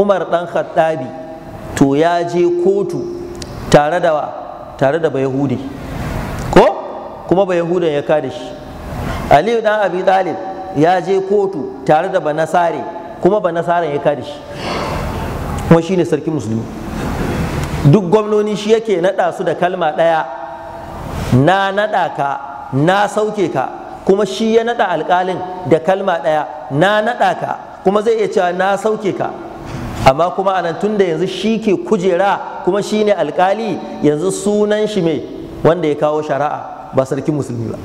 umar ɗan khattabi to ya je kotu tare da wa tare da bayahudi ko kuma bayahudan ya kada shi aliyu dan abi talib ya je kotu tare da banasare kuma banasaren ya kada shi kuma shine sarki musulmi duk gwamnoni shi yake naɗa su da kalma ɗaya na naɗa ka na sauke ka kuma shi ya naɗa alkalin da kalma ɗaya na naɗa ka kuma zai iya cewa na sauke ka amma kuma anan tun da yanzu shi ke kujera kuma shine alkali yanzu sunan shi mai wanda ya kawo shari'a ba sarkin musulmi ba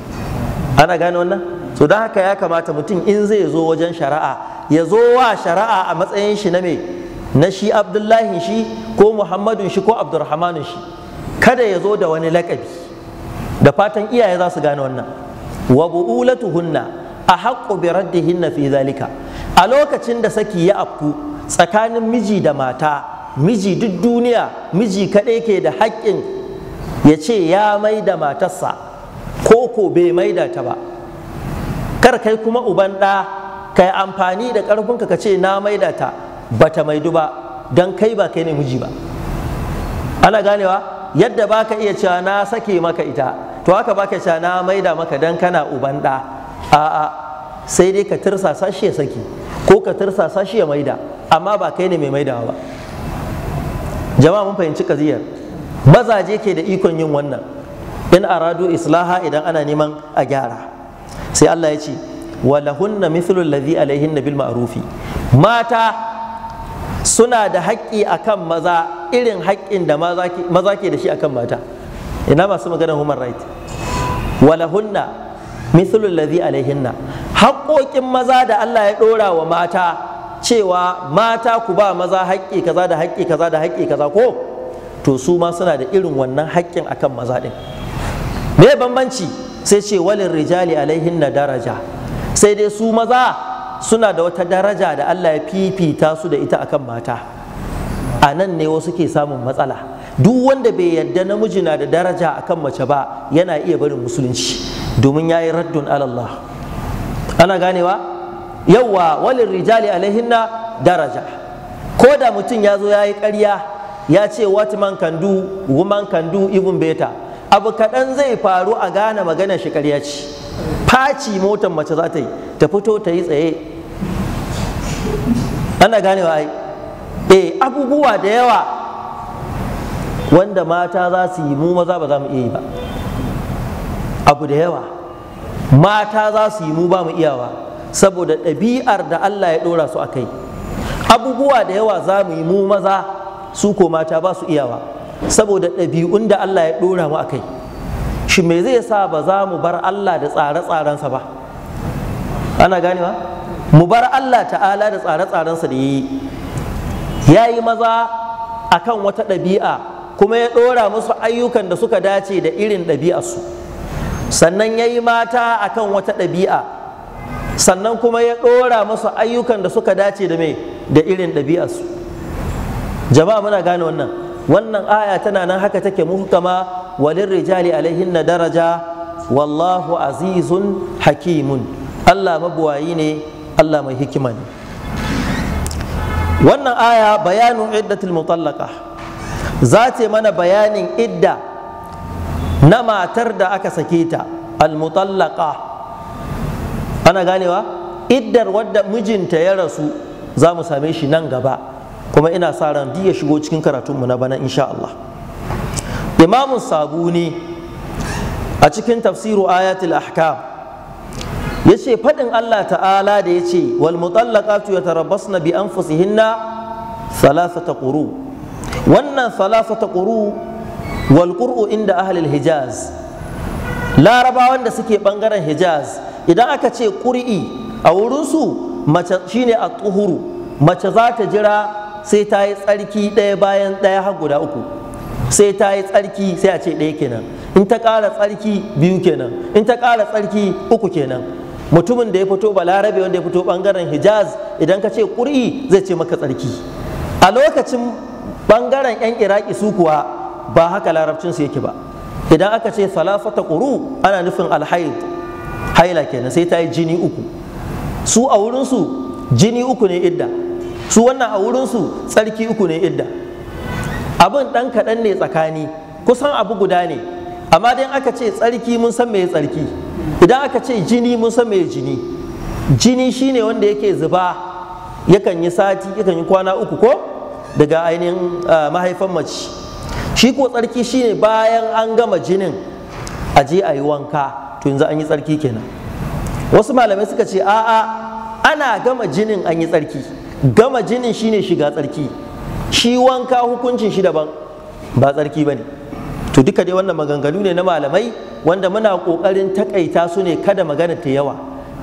ana gane wannan so don haka ya kamata mutum in zai zo wajen shari'a ya zo wa shari'a a matsayin shi na mai na shi abdullahi shi ko muhammadun shi ko abdurrahmanun shi kada ya zo da wani lakabi da fatan iyaye za su gane wannan wa bu'ulatuhunna a haƙƙo bi raddihinna fi zalika a lokacin da saki ya afku tsakanin miji da mata miji duk duniya miji kaɗai ke da haƙƙin ya ce ya mai da matarsa ko ko bai mai da ta ba kar kai kuma uban ɗa kai amfani da ƙarfinka ka ce na mai da ta bata maidu ba don kai ba kai ne miji ba ana ganewa yadda ba ka iya cewa na sake maka ita to haka ba ka cewa na maida maka don kana uban ɗa a'a sai dai ka tirsasa shi ya saki ko ka tirsasa shi ya maida amma ba kai ne mai maidawa ba jama'a mun fahimci kaziyar mazaje ke da ikon yin wannan in aradu islaha idan ana neman a gyara sai Allah ya ce wa lahunna mithlul ladhi alaihin bil ma'rufi mata suna da haƙƙi akan maza irin haƙƙin da maza ke da shi akan mata ina masu maganar human right Wa walahunna mithlul ladhi alaihin haƙƙoƙin maza da Allah ya ɗora wa mata cewa mata ku ba maza haƙƙi kaza da haƙƙi kaza da haƙƙi kaza ko to su ma suna da irin wannan haƙƙin akan maza ɗin me bambanci sai ce walin rijali alaihin na daraja sai dai su maza suna da wata daraja da Allah ya fifita su da ita akan mata a nan ne wasu ke samun matsala duk wanda bai yarda namiji na da daraja akan mace ba yana iya barin musulunci domin ya yi raddun alallah ana ganewa yawa walin rijali alaihinna daraja ko da mutum ya zo ya yi ƙarya ya ce what man can do woman can do even better abu kaɗan zai faru a gane magana shi karya ce faci motar mace za ta yi ta fito ta yi tsaye ana ganewa ai eh abubuwa da yawa wanda mata za su yi mu maza ba za mu iya ba abu da yawa mata za su yi mu ba mu iyawa saboda ɗabi'ar da Allah ya ɗora su a kai abubuwa da yawa za mu yi mu maza su ko mata ba su iyawa saboda ɗabi'un da Allah ya ɗora mu a kai shi me zai sa ba za mu bar Allah da tsare-tsarensa ba ana ganewa mu bar Allah ta'ala da tsare-tsarensa da yi ya yi maza a kan wata ɗabi'a kuma ya ɗora musu ayyukan da suka dace da irin ɗabi'arsu sannan ya yi mata a kan wata ɗabi'a sannan kuma ya ɗora masu ayyukan da suka dace da mai da irin ɗabi'arsu jama'a muna gane wannan wannan aya tana nan haka take muhkama walin rijali alaihin na daraja wallahu azizun hakimun allah mabuwayi ne allah mai hikima ne wannan aya bayanin iddatul mutallaka za mana bayanin idda na matar da aka sake ta al-mutallaka ana ganewa iddar wadda mijinta ya rasu za mu same shi nan gaba kuma ina sa ran duk ya shigo cikin karatunmu na bana insha Allah imamun sabuni a cikin tafsiru ayatul ahkam ya ce faɗin Allah ta'ala da ya ce wal mutallaqatu yatarabbasna bi anfusihinna thalathata quru wannan thalathata quru wal qur'u inda ahlil hijaz larabawan da suke bangaren hijaz idan aka ce ƙuri'i a wurinsu mace shine a tuhuru mace za ta jira sai ta yi tsarki ɗaya bayan ɗaya har guda uku sai ta yi tsarki sai a ce ɗaya kenan in ta ƙara tsarki biyu kenan in ta ƙara tsarki uku kenan mutumin da ya fito balarabe wanda ya fito ɓangaren hijaz idan ka ce ƙuri'i zai ce maka tsarki a lokacin ɓangaren 'yan iraki su kuwa ba haka larabcinsu yake ba idan aka ce salafata ƙuru ana nufin alhaid haila kenan sai ta yi jini uku su a wurinsu jini uku ne idda su wannan a wurinsu tsarki uku ne idda abin ɗan kaɗan ne tsakani kusan abu guda ne amma dai aka ce tsarki mun san mai tsarki idan aka ce jini mun san mai jini jini shine wanda yake zuba yakan yi sati yakan yi kwana uku ko daga ainihin ah, mahaifan mace shi ko tsarki shine bayan an gama jinin aje ayi a yi wanka to yanzu an yi tsarki kenan wasu malamai suka ce a'a ana gama jinin an yi tsarki gama jinin shine shiga tsarki shi wanka hukuncin shi daban ba tsarki ba ne to duka dai wannan maganganu ne na malamai wanda muna ƙoƙarin takaita su ne kada magana ta yawa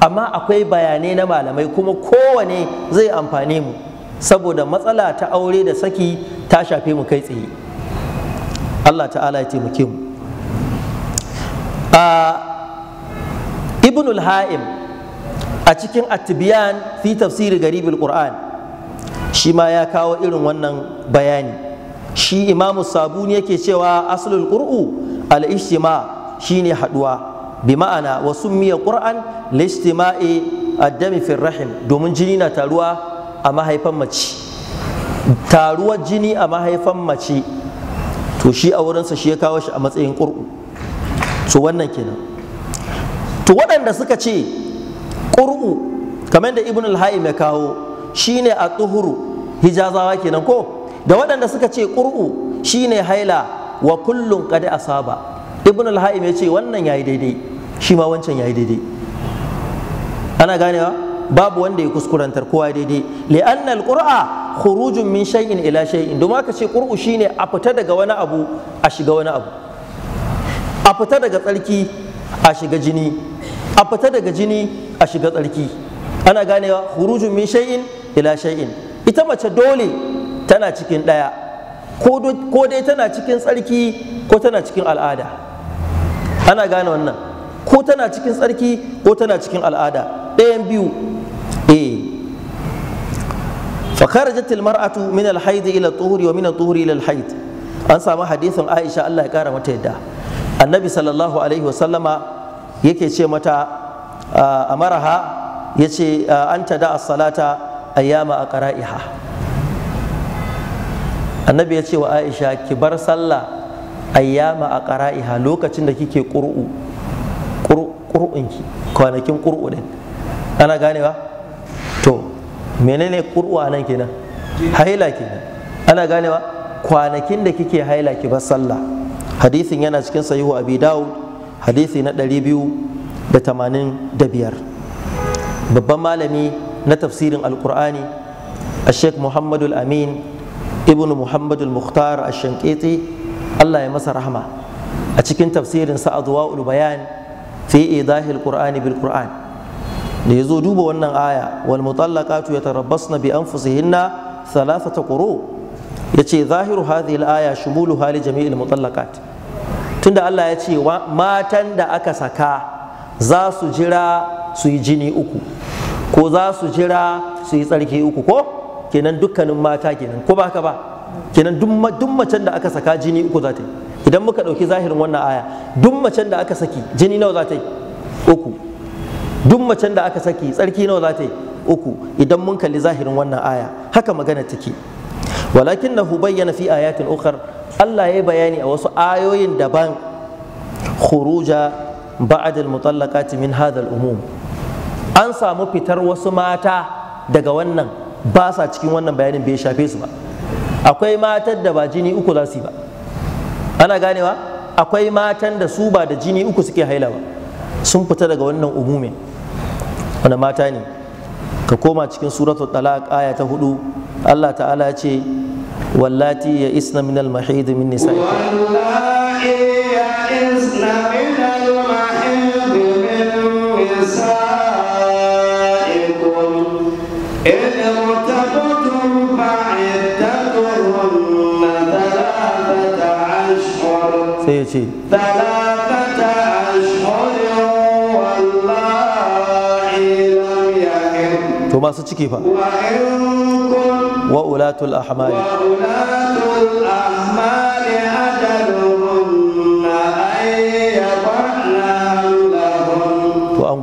amma akwai bayanai na malamai kuma kowane zai amfane mu saboda matsala ta aure da saki ta shafe mu kai tsaye Allah ta'ala ya taimake mu A Ibnul haim a cikin atibiyan fi tafsiri al qur'an shi ma ya kawo irin wannan bayani shi imamu sabuni yake cewa aslul qur'u al-ijtima shine haɗuwa bi ma'ana wa summiya qur'an li-ijtima'i ad-dami fi rahim domin jini na taruwa a mahaifan mace taruwar jini a mahaifan mace to shi a wurinsa shi ya kawo shi a matsayin qur'u so wannan kenan to waɗanda suka ce ƙur'u kamar da ibn al-ha'im ya kawo shine a tsuhuru hijazawa kenan ko da waɗanda suka ce ƙur'u shine haila wa kullun qad asaba ibn al-ha'im ya ce wannan yayi daidai shi ma wancan yayi daidai ana ganewa babu wanda ya kuskurantar kowa daidai li'anna al-qur'a khurujun min shay'in ila shay'in domin aka ce qur'u shine a fita daga wani abu a shiga wani abu a fita daga tsarki a shiga jini a fita daga jini a shiga tsarki ana ganewa hurujun min shay'in ila shay'in ita mace dole tana cikin ɗaya ko dai tana cikin tsarki ko tana cikin al'ada ana gane wannan ko tana cikin tsarki ko tana cikin al'ada ɗayan biyu eh فخرجت ila tuhuri wa min الطهور ila الطهور An samu أنسى Aisha Allah ya kara mata yadda. annabi sallallahu alaihi wasallama yake ce mata a maraha ya ce an tada as-salata ayyama a qara'iha annabi ya ce wa aisha ki bar sallah ayyama a qara'iha lokacin da kike qur'u qur'unki kwanakin qur'u din ana ganewa to menene a nan kenan haila kenan ana ganewa kwanakin da kike haila ki bar sallah hadisin yana cikin sahihu abi dawud hadisi na 285 babban malami na tafsirin alkur'ani a sheikh muhammadu amin ibn muhammadu muhtar a shankiti allah ya masa rahama a cikin tafsirin sa'aduwa bayan fi idahil qur'ani bil qur'an da ya zo duba wannan aya wal mutallaqatu yatarabbasna bi anfusihinna thalathata quru yace zahiru hadhihi al aya shumulu hali jami'il mutallaqat tunda Allah ya ce matan da aka saka za su jira su yi jini uku ko za su jira su yi tsarki uku ko kenan dukkanin mata kenan ko ba haka ba kenan duk macen da aka saka jini uku za ta yi idan muka ɗauki zahirin wannan aya duk macen da aka saki jini nawa za ta yi uku duk macen da aka saki tsarki nawa za ta yi uku idan mun kalli zahirin wannan aya haka magana take walakin hubayya bayyana fi ayatin ukhra Allah ya bayani a wasu ayoyin daban khuruja ba'd al-mutallaqat min hadha al-umum an samu fitar wasu mata daga wannan ba sa cikin wannan bayanin bai shafe su ba akwai matan da ba jini uku za su yi ba ana ganewa akwai matan da su ba da jini uku suke haila ba sun fita daga wannan umumin wani mata ne ka koma cikin suratul talaq aya ta hudu Allah ta'ala ya ce واللاتي يئسن من المحيض من نسائكم واللاتي يئسن من المحيض من نسائكم إن ارتبتم فعدتهن ثلاثة أشهر سيأتي ثلاثة أشهر والله لم يئن ثم سأتكي فا وإن wa ulatul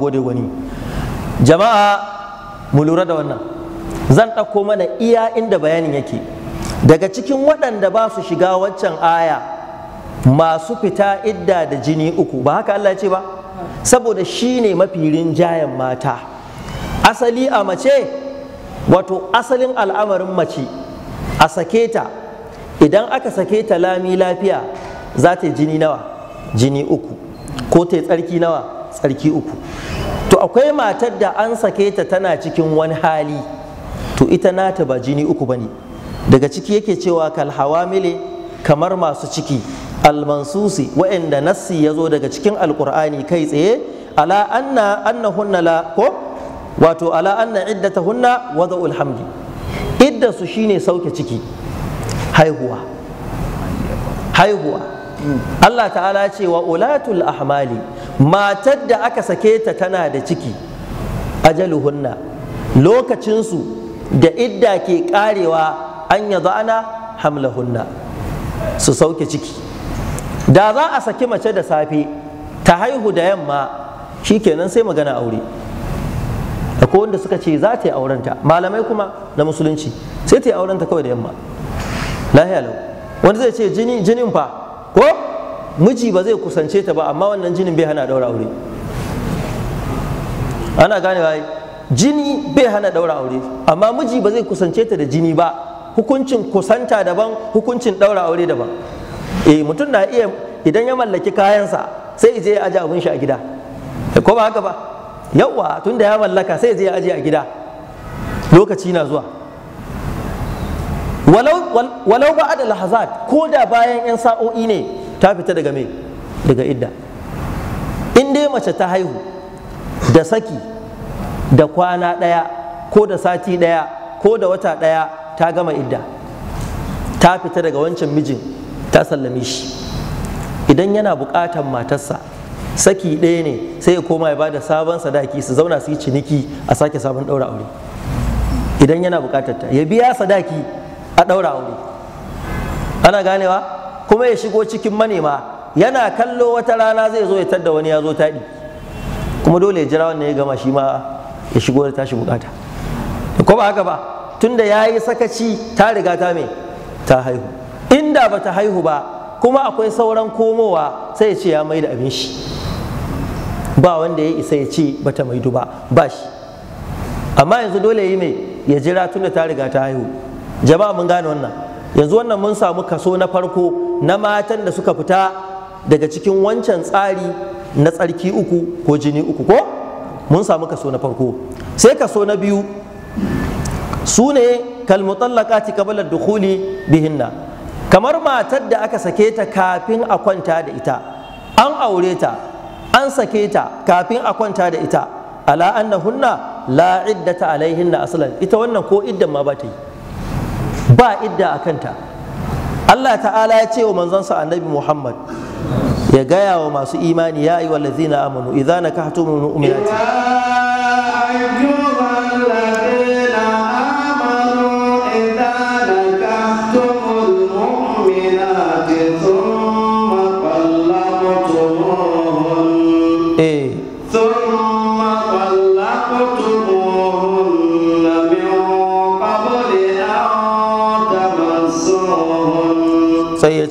gode wani jama'a mu lura da wannan zan ɗauko mana iya inda bayanin yake daga cikin waɗanda ba su shiga waccan aya masu fita idda da jini uku ba haka Allah ce ba saboda shi ne mafi rinjayen mata asali a mace wato asalin al'amarin mace a sake ta idan aka sake ta lami lafiya za ta jini nawa jini uku ko ta tsarki nawa tsarki uku to akwai matar da an sake ta tana cikin wani hali to ita nata ba jini uku ba ne daga ciki yake cewa kalhawamile kamar masu ciki almansusi wa'anda nassi ya zo daga cikin alkur'ani kai tsaye ala anna annahunna la ko wato ala anna hunna, wada'ul ulhamdi idda su shine sauke ciki haihuwa haihuwa Allah ta'ala ce wa ulatul ahmali matar da aka sake ta tana da ciki hunna. lokacinsu da idda ke karewa an zo ana hunna. su sauke ciki da za a saki mace da safe ta haihu da yamma Shi kenan sai magana aure akwai wanda suka ce za ta yi aurenta malamai kuma na musulunci sai ta yi aurenta kawai da yamma lahiya lau wanda zai ce jini jinin fa ko miji ba zai kusance ta ba amma wannan jinin bai hana daura aure ana gane bai jini bai hana daura aure amma miji ba zai kusance ta da jini ba hukuncin kusanta daban hukuncin daura aure daban eh mutum na iya idan ya mallaki kayansa sai ya je ya aje abin shi a gida eh, ko ba haka ba yawa tunda ya mallaka sai zai aje a gida lokaci na zuwa walau ba da lahazat ko da bayan 'yan sa'o'i ne ta fita daga me daga idda in dai mace ta haihu da saki da kwana ɗaya ko da sati ɗaya ko da wata ɗaya ta gama idda ta fita daga wancan mijin ta sallame shi idan yana buƙatar matarsa saki ɗaya ne sai ya koma ya bada sabon sadaki su zauna su yi ciniki a sake sabon ɗaura aure idan yana buƙatar ta ya biya sadaki a ɗaura aure ana ganewa kuma ya shigo cikin manema yana kallo wata rana zai zo ya tadda wani ya zo taɗi kuma dole ya jira wannan ya gama shi ma ya shigo da tashi buƙata da ba haka ba tunda ya yi sakaci ta riga ta me ta haihu inda ba ta haihu ba kuma akwai sauran komowa sai ya ce ya mai da abin shi ba wanda ya isa ya ce bata maidu ba ba shi amma yanzu dole yi mai ya jira tunda ta riga ta haihu jama'a mun gane wannan yanzu wannan mun samu kaso na farko na matan da suka fita daga cikin wancan tsari na tsarki uku ko jini uku ko mun samu kaso na farko sai kaso na biyu su ne kalmutallakati kabalar dukhuli bihinna kamar matar da aka sake ta kafin a kwanta da ita an aure ta an sake ta kafin a kwanta da ita ala annahunna la iddata alaihinna aslan ita wannan ko iddan ma ba ta yi ba idda a kanta Allah ta'ala ya ce wa manzansa annabi Muhammad ya gaya wa masu imani ya na amanu idza nakahtumul mu'minati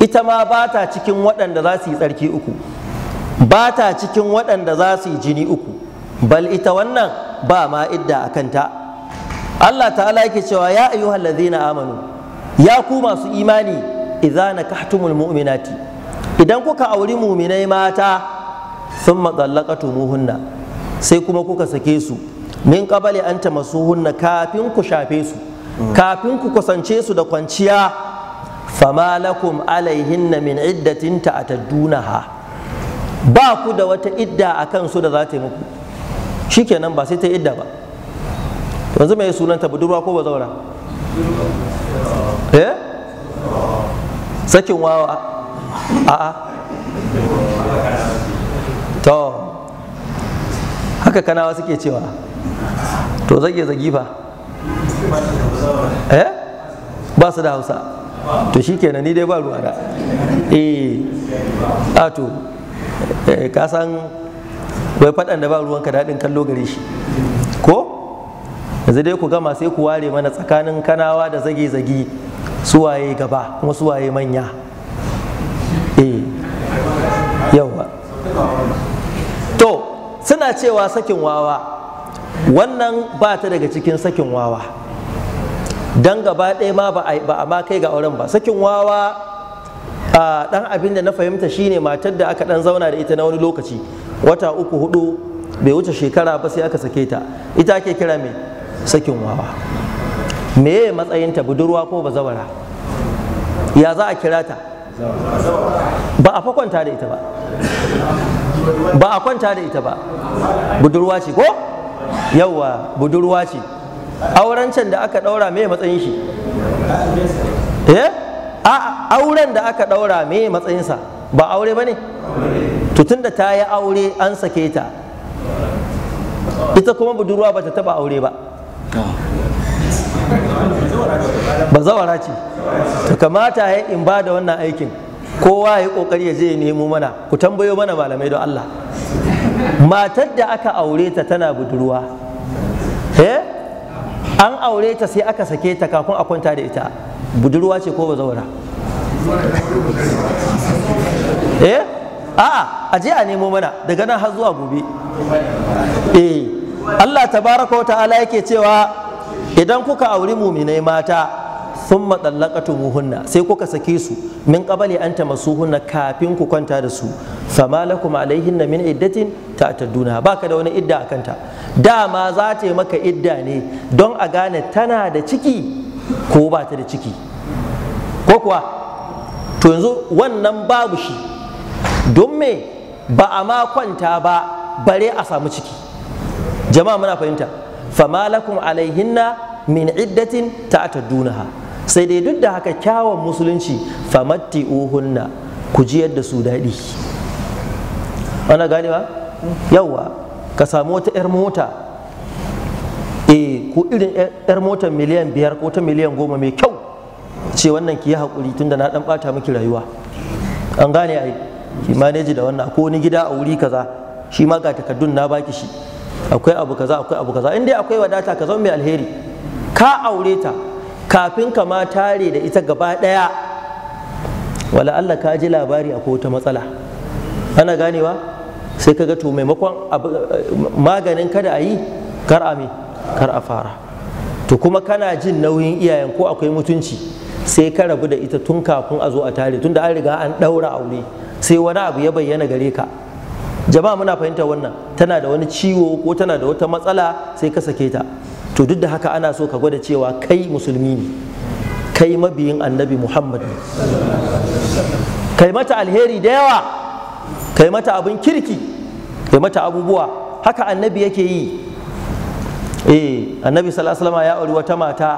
ita ma ba ta cikin waɗanda za su yi tsarki uku ba ta cikin waɗanda za su yi jini uku bal ita wannan ba ma idda a kanta Allah ta'ala yake cewa ya ayyuhal ladzina amanu ya ku masu imani idza nakahtumul mu'minati idan kuka auri muminai mata sun matsallakatumuhunna sai kuma kuka sake su min qabali an hunna kafin ku shafe su kafin ku kusance su da kwanciya fama lakum alaihinna min iddatin ta'taddunaha ba ku da wata idda a kansu da za ta yi muku Shi nan ba sai ta idda ba yanzu mai sunanta budurwa ko bazaura eh sakin wawa a'a to haka kanawa suke cewa to zage zagi ba eh ba su da hausa to kenan ni dai ba ruwa da eh a to eh, ka san wai faɗan da ba ruwanka daɗin kallo gare shi ko yanzu dai ku gama sai ku ware mana tsakanin kanawa da zage-zage suwaye gaba kuma suwaye manya eh yawa to suna cewa sakin wawa wannan ba ta daga cikin sakin wawa don gaba ɗaya ma ba a ma kai ga auren ba sakin wawa ɗan abin da na fahimta shine matar da aka ɗan zauna da ita na wani lokaci wata uku hudu bai wuce shekara ba sai aka sake ta ita ake kira mai sakin wawa meye matsayinta budurwa ko ba zawara? ya za a kira ta ba a kwanta da ita ba ba a kwanta da ita ba budurwa ce ko yawwa budurwa ce auren can da aka daura me matsayin shi eh a auren da aka daura me sa ba aure ba ne to tunda ta yi aure an sake ta ita kuma budurwa ba ta taba aure ba ba zawara ce to kamata ya in ba da wannan aikin kowa ya kokari ya je nemo mana ku tambayo mana malamai don Allah matar da aka aure ta tana budurwa eh an aure ta sai aka sake ta kafin a kwanta da ita budurwa ce ko zaura eh a'a a je a nemo mana daga nan har zuwa gobe eh Allah tabaraka wa ta'ala yake cewa idan kuka auri muminai mata thumma dallaqatumuhunna sai kuka sake su min qabali an hunna kafin ku kwanta da su fama lakum alaihinna min iddatin ta'tadduna baka da wani idda akanta dama za ta yi maka idda ne don a gane tana da ciki ko ba ta da ciki ko kuwa to yanzu wannan babu shi don me ba a ma kwanta ba bare a samu ciki jama'a muna fahimta fama lakum alaihinna min iddatin ta'taddunaha sai dai duk da haka kyawun musulunci famatti uhunna ku jiyar da su daɗi gani ba? yawwa ka samu wata 'yar mota e eh, ko irin 'yar motar miliyan biyar ko ta miliyan goma mai kyau ce wannan ki yi haƙuri da na ɗan ɓata miki rayuwa an gane ai ki maneji da wannan ko wani gida a wuri kaza shi ma ga takardun na baki shi akwai abu kaza akwai abu kaza in dai akwai wadata ka zo mai alheri ka aure ta kafin ka ma tare da ita gaba ɗaya wala Allah ka ji labari a wata matsala ana ganewa sai ka ga to maimakon maganin kada a yi kar a kar a fara to kuma kana jin nauyin iyayen ko akwai mutunci sai ka rabu da ita tun kafin a zo a tare tun da an riga an ɗaura aure sai wani abu ya bayyana gare ka jama'a muna fahimta wannan tana da wani ciwo ko tana da wata matsala sai ka sake ta to duk da haka ana so ka gwada cewa kai musulmi ne kai mabiyin annabi muhammad kai mata alheri da yawa kai mata abin kirki kai mata abubuwa haka annabi yake yi eh annabi sallallahu ya auri wata mata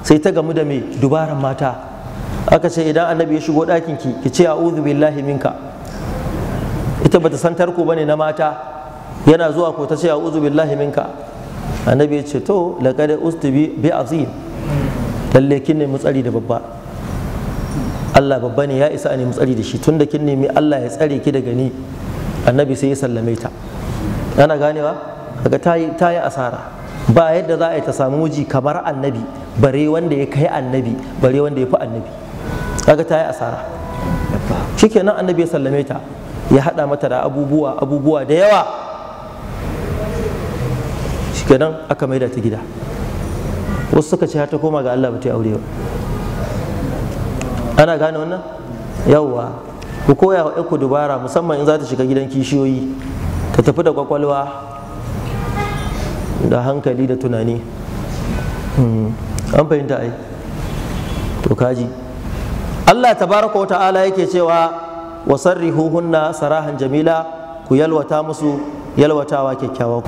sai ta gamu da mai dubaran mata aka ce idan annabi ya shigo ɗakin ki ki ce a'udhu billahi minka ita bata san tarko bane na mata yana zuwa ko ta ce a'udhu billahi minka annabi ya ce to laqad ustubi bi azim lalle kin nemi tsari da babba Allah babba ne ya isa a nemi tsari da shi tunda kin nemi Allah ya tsare ki daga ni annabi sai ya sallame ta ana ganewa daga ta yi asara ba yadda za a yi ta samu muji kamar annabi bare wanda ya kai annabi bare wanda ya fi annabi kaga ta yi asara shikenan annabi ya sallame ta ya haɗa mata da abubuwa abubuwa da yawa shikenan aka maida ta gida wasu suka ce har ta koma ga Allah ba ta yi aure ba ana gane wannan yawwa ku koya wa ku dubara musamman in za ta shiga gidan kishiyoyi ta tafi da kwakwalwa da hankali da tunani hmm. an fahimta ai to kaji Allah tabaraka wa ta'ala yake cewa wasarrihuhunna sarahan jamila ku yalwata musu yalwatawa kyakkyawa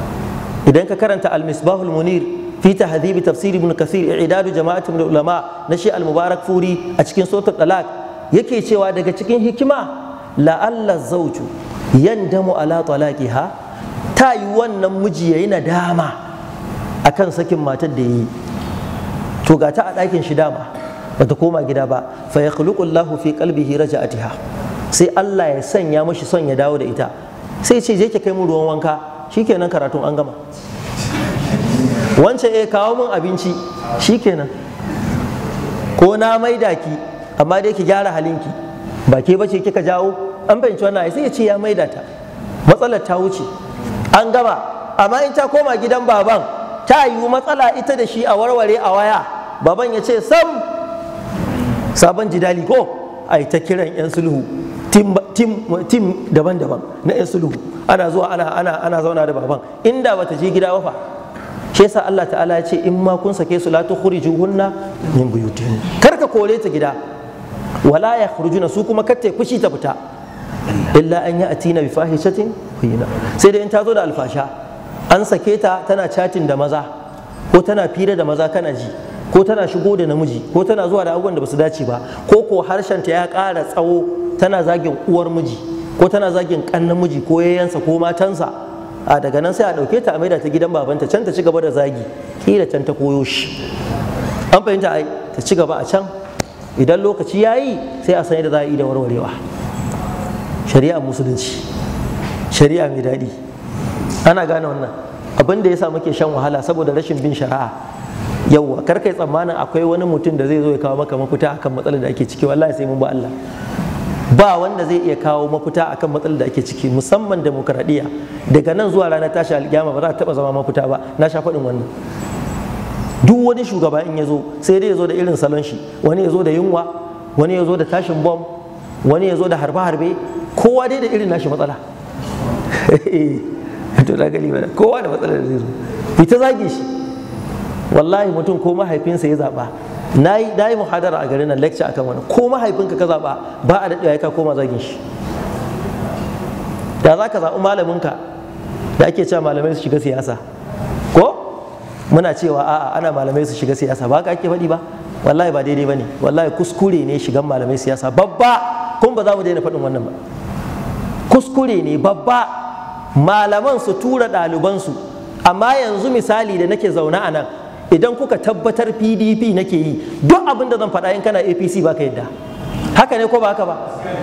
idan ka karanta al-misbahul munir fi tahdhib tafsir ibn kathir i'dadu jama'ati min ulama na shi al-mubarak furi a cikin sautar talaq yake cewa daga cikin hikima la'alla zawju yandamu ala talaqiha ta yi wannan miji yayi nadama akan sakin matar da yi to ga ta a ɗakin shi dama Ba ta koma gida ba fa yakhluqullahu fi qalbihi raja'atiha sai Allah ya sanya mashi son ya dawo da ita sai ce je ki kai mu ruwan wanka shikenan karatun an gama wancan eh kawo min abinci shikenan ko na maida ki amma dai ki gyara halinki ba ke bace kika jawo an fahimci wannan sai ya ce ya maida ta matsalar ta wuce an gama amma in ta koma gidan baban ta yiwu matsala ita da shi a warware a waya baban ya ce sam sabon jidali ko a ta kiran 'yan sulhu tim daban-daban na yan sulhu ana zuwa ana zauna da baban inda bata je gida wafa shi yasa Allah ta'ala ya ce in ma kun sake su la tukhrijuhunna min kar ka kore ta gida wala yakhrujuna su kuma katte ta ta fita illa an ya'tina bi fahishatin bayyina sai dai in ta zo da alfasha an sake ta tana chatin da maza ko tana fira da maza kana ji ko tana shigo da namiji ko tana zuwa da abubuwan da basu dace ba ko ko harshen ta ya kara tsawo tana zagin uwar miji ko tana zagin ƙannan miji ko yayansa ko matansa a daga nan sai a dauke ta a maida ta gidan babanta can ta ci gaba da zagi kila can ta koyo shi an fahimta ai ta ci gaba a can idan lokaci ya yi sai a san yadda za a yi da warwarewa shari'a musulunci shari'a mai daɗi ana gane wannan abin da ya sa muke shan wahala saboda rashin bin shari'a yauwa kar kai tsammanin akwai wani mutum da zai zo ya kawo maka mafita akan matsalar da ake ciki wallahi sai mun ba Allah ba wanda zai iya kawo mafita akan matsalar da ake ciki musamman demokradiyya daga nan zuwa ranar tashi alkiyama ba za ta taɓa zama mafita ba na sha faɗin wannan duk wani shugaba in ya zo sai dai ya zo da irin salon shi wani ya zo da yunwa wani ya zo da tashin bom wani ya zo da harbe-harbe kowa dai da irin nashi matsala [laughs] to da gani mana kowa da matsalar da zai zo ita zage shi wallahi mutum ko mahaifinsa ya zaɓa. na yi muhadara a garin nan lecture akan wani ko mahaifinka ka zaba ba a daɗewa ka koma zagin shi da za ka zaɓi malaminka da ake cewa malamai su shiga siyasa ko muna cewa a'a ana malamai su shiga siyasa ba ka ake faɗi ba wallahi ba daidai ba ne wallahi kuskure ne shigan malamai siyasa babba kun ba za mu daina faɗin wannan ba kuskure ne babba malaman su tura ɗalibansu amma yanzu misali da nake zaune a nan idan kuka tabbatar pdp nake yi duk abin da zan faɗa in kana apc ba ka yadda haka ne ko ba haka ba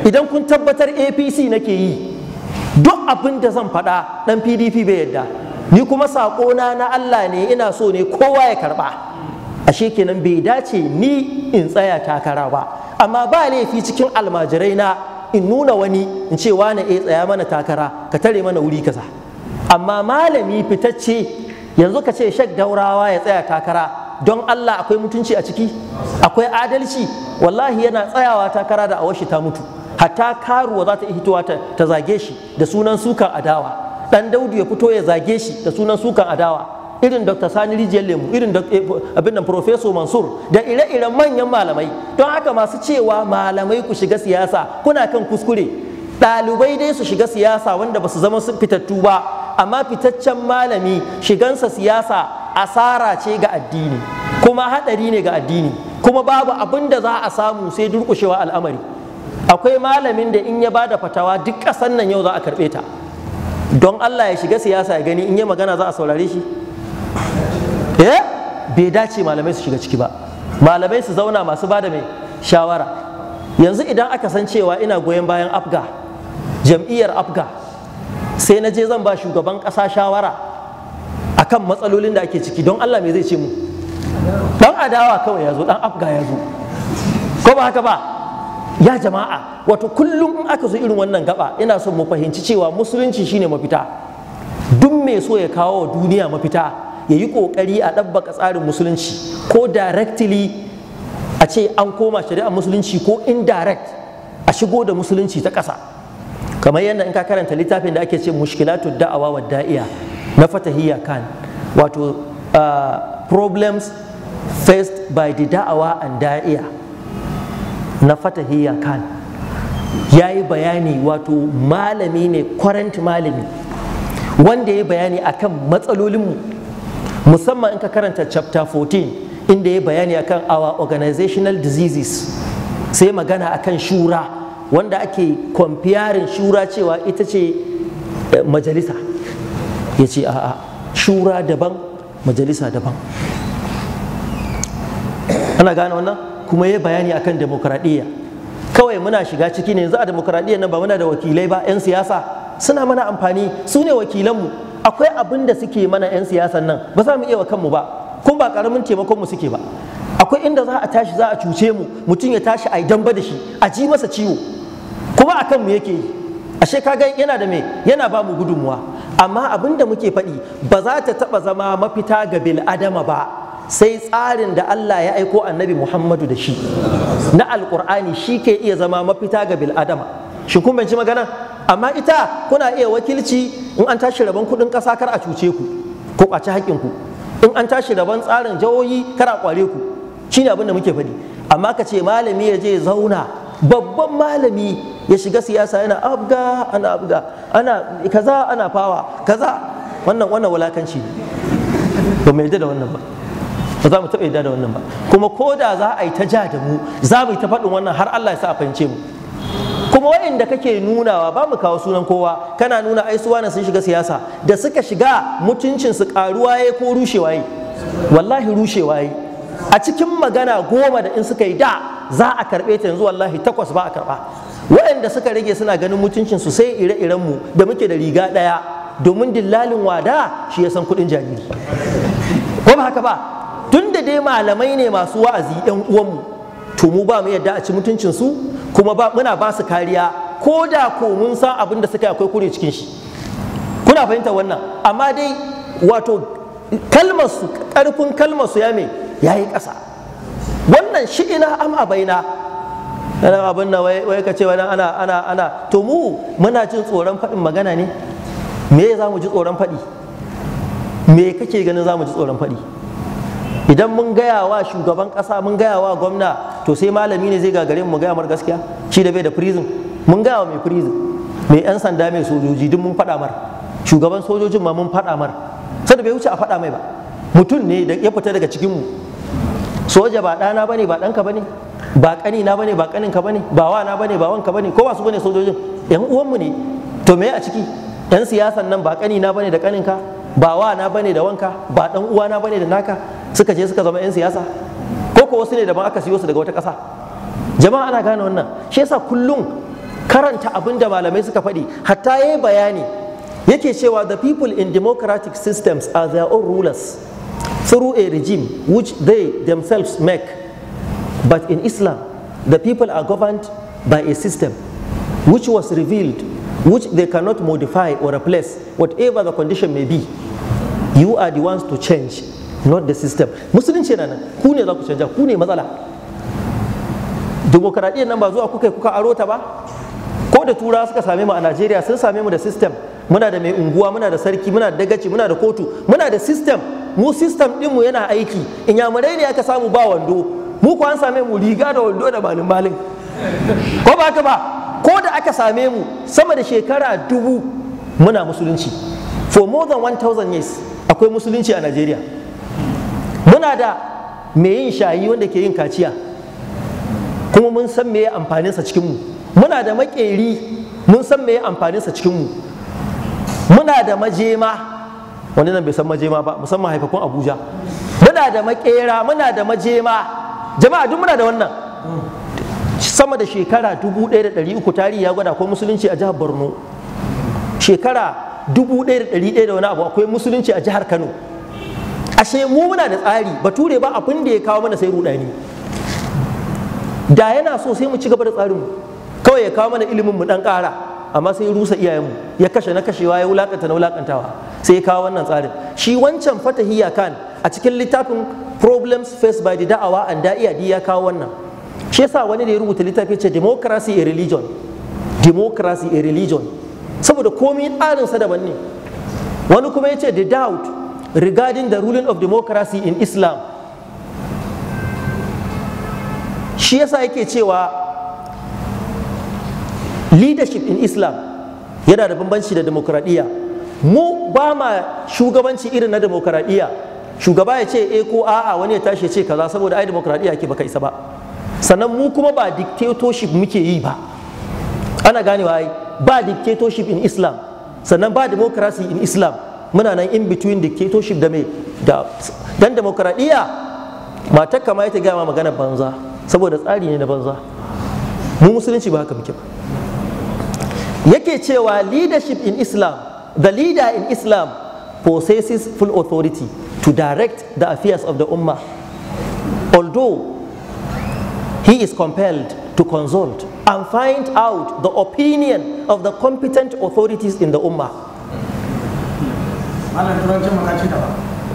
idan kun tabbatar apc nake yi duk abin da zan faɗa ɗan pdp bai yadda ni kuma saƙona na allah ne ina so ne kowa ya karɓa ashe kenan bai dace ni in tsaya takara ba amma ba laifi cikin almajirai na in nuna wani in ce wane iya eh tsaya mana takara ka tare mana wuri kaza amma malami fitacce yanzu ka ce shek daurawa ya tsaya takara don Allah akwai mutunci a ciki akwai adalci wallahi yana tsayawa takara da awashi ta mutu hatta karuwa za ta iya hitowa ta zage shi da sunan sukan adawa dan daudu ya fito ya zage shi da sunan sukan adawa irin dr sani rijiyar lemu irin eh, abin da professor mansur da ire-iren manyan malamai don haka masu cewa malamai ku shiga siyasa kuna kan kuskure ɗalibai dai su shiga siyasa wanda ba su zama fitattu ba amma fitaccen malami shigansa siyasa asara ce ga addini kuma haɗari ne ga addini kuma babu abin da za a samu sai durƙushewa al'amari akwai malamin da in ya ba da fatawa duk ƙasan nan yau za a karɓe ta don Allah ya shiga siyasa ya gani in ya magana za a saurare shi eh bai dace malamai su shiga ciki ba malamai su zauna masu ba da mai shawara yanzu idan aka san cewa ina goyon bayan afga jam'iyyar afga sai na je zan ba shugaban ƙasa shawara a kan matsalolin da ake ciki don Allah me zai ce mu Ɗan adawa kawai ya zo dan afga ya zo ko ba haka ba ya jama'a wato kullum in aka zo irin wannan gaba ina son mu fahimci cewa musulunci shine mafita duk mai so ya kawo wa duniya mafita ya yi ƙoƙari a ɗabbaka tsarin musulunci ko directly a ce an koma shari'ar musulunci ko indirect a shigo da musulunci ta ƙasa kamar yadda in ka karanta littafin da ake ce mushkilatu da'awa wa da'iya na fatahiyya kan wato uh, problems faced by the da'awa and da'iya na fatahiyya kan ya yi bayani wato malami ne current malami wanda ya bayani akan matsalolinmu musamman in ka karanta chapter 14 inda ya bayani akan our organizational diseases sai magana akan shura wanda ake kwamfiyarin shura cewa ita ce eh, majalisa ya ce a'a shura daban majalisa daban ana gane wannan kuma ya bayani akan demokradiyya kawai muna shiga ciki ne yanzu a demokradiyya nan ba muna da wakilai ba 'yan siyasa suna mana amfani su ne wakilanmu akwai abin da suke mana 'yan siyasan nan ba za mu iya wa kanmu ba Kun ba karamin taimakon mu suke ba akwai inda za a tashi za a cuce mu mutum ya tashi a yi damba da shi a ji masa ciwo kuma a kanmu yake yi ashe kaga yana da me yana ba mu gudunmuwa amma abin da muke faɗi ba za ta taɓa zama mafita ga bil adama ba sai tsarin da Allah ya aiko annabi Muhammadu da shi na alƙur'ani shi ke iya zama mafita ga bil adama shi kun banci magana amma ita kuna iya wakilci in an tashi rabon kuɗin ƙasa kar a cuce ku ko ci haƙƙin ku in an tashi rabon tsarin jawoyi kar a ƙware ku Shi ne abin da muke faɗi amma ka ce malami ya je zauna babban malami ya shiga siyasa yana abga ana abga ana kaza ana fawa kaza wannan wannan wulakanci ba mai da wannan ba ba za mu taɓa yadda da wannan ba kuma ko da za a yi ta ja da mu za mu yi ta faɗin wannan har Allah ya sa a fahimce mu kuma waɗanda kake nunawa ba mu kawo sunan kowa kana nuna ai suwana sun shiga siyasa da suka shiga mutuncin su karuwa yayi ko rushewa yayi wallahi rushewa yayi a cikin magana goma da in suka yi da za a karɓe ta yanzu wallahi takwas ba a karɓa waɗanda suka rage suna ganin mutuncin su sai ire-iren mu da muke da riga ɗaya domin dillalin wada shi ya san kuɗin jariri ko ba haka ba tun da dai malamai ne masu wa'azi ɗan uwanmu to mu ba mu yadda a ci mutuncin su kuma ba muna ba su kariya ko da ko mun san abin da suka akwai kure cikin shi kuna fahimtar wannan amma dai wato kalmarsu ƙarfin kalmarsu ya me ya yi ƙasa wannan shi ina am baina ana abin na wai ka ce wani ana ana ana to mu muna jin tsoron faɗin magana ne me za mu ji tsoron faɗi me kake ganin za mu ji tsoron faɗi idan mun gaya wa shugaban ƙasa mun gaya wa gwamna to sai malami ne zai gagare mu gaya mar gaskiya shi da bai da prison mun gaya wa mai prison mai yan sanda mai sojoji duk mun faɗa mar shugaban sojojin ma mun faɗa mar sai da bai wuce a faɗa mai ba mutum ne da ya fita daga cikin mu soja ba ɗana bane ba ɗanka bane ba kani na bane ba kanin ka bane ba wa na bane ba wanka bane ko ba su bane sojojin yan uwanmu ne to me a ciki yan siyasan nan ba kani na bane da kanin ka ba wa na bane da wanka ba dan uwa na bane da naka suka je suka zama yan siyasa ko ko wasu ne daban aka siyo su daga wata ƙasa jama'a ana gane wannan shi yasa kullum karanta abin da malamai suka faɗi hatta yayi bayani yake cewa the people in democratic systems are their own rulers through a regime which they themselves make But in Islam, the people are governed by a system which was revealed, which they cannot modify or replace, whatever the condition may be. You are the ones to change, not the system. Musulunci nan, ku ne za ku canja, ku ne matsala. Demokaradiyyar nan ba zuwa kuka kuka aro ta ba? Ko da tura suka same mu a Najeriya sun same mu da system. Muna da mai unguwa, muna da sarki, muna da dagaci, muna da kotu, muna da system. Mu system ɗinmu yana aiki. Inyamurai ne aka samu ba wando, mu kuwa an same mu riga da wando da malin malin ko ba haka ba ko da aka same mu sama da shekara dubu muna musulunci for more than 1000 years akwai musulunci a Najeriya muna da mai yin shayi wanda ke yin kaciya kuma mun san me amfaninsa cikin mu muna da makeri mun san me amfaninsa cikin mu muna da majema wani nan bai san majema ba musamman haifafun Abuja muna da makera muna da majema jama'a duk muna da wannan sama da shekara 1300 tarihi ya gwada akwai musulunci a jihar borno shekara 1100 da wani abu akwai musulunci a jihar kano ashe mu muna da tsari Ba ture ba abin da ya kawo mana sai rudani da yana so sai mu ci gaba da tsarin kawai ya kawo mana ilimin mu dan kara amma sai ya rusa iyayenmu ya kashe na kashewa ya wulakanta na wulakantawa sai ya kawo wannan tsarin shi wancan fatahiya kan a cikin littafin problems faced by the da'awa an da'iya ya kawo wannan shi yasa wani da ya rubuta littafi ce democracy a religion democracy a religion saboda komai tsarin sa daban ne wani kuma ya ce the doubt regarding the ruling of democracy in islam shi yasa yake cewa leadership in islam yana da bambanci da demokradiyya mu ba ma shugabanci irin na demokradiyya shugaba ya ce e ko a'a wani ya tashi ya ce kaza saboda ai demokradiyya ke baka isa ba sannan mu kuma ba dictatorship muke yi ba ana ganewa ai ba dictatorship in islam sannan ba democracy in islam muna nan in between dictatorship da me da dan demokradiyya matar kama ita gama magana banza saboda tsari ne na banza mu musulunci ba haka muke ba yake cewa leadership in islam the leader in islam possesses full authority to direct the affairs of the ummah although he is compelled to consult and find out the opinion of the competent authorities in the ummah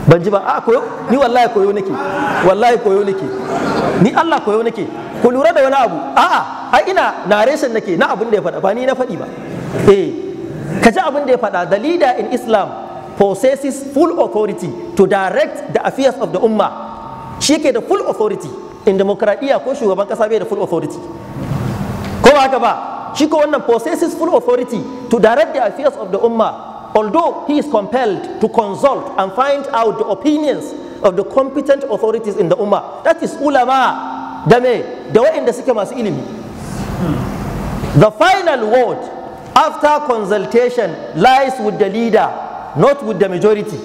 ban ji ba a koyo ni wallahi koyo nake wallahi koyo nake ni Allah koyo nake ku lura da wani abu a'a ai ina na narration nake na abin da ya faɗa ba ni na faɗi ba eh ka ji abin da ya faɗa the leader in Islam possesses full authority to direct the affairs of the ummah shi ke da full authority in demokradiya ko shugaban kasa bai da full authority ko ba haka ba shi ko wannan possesses full authority to direct the affairs of the ummah Although he is compelled to consult and find out the opinions of the competent authorities in the Ummah, that is ulama, da me, da wa'inda suke masu ilimi. The final word after consultation lies with the leader, not with the majority.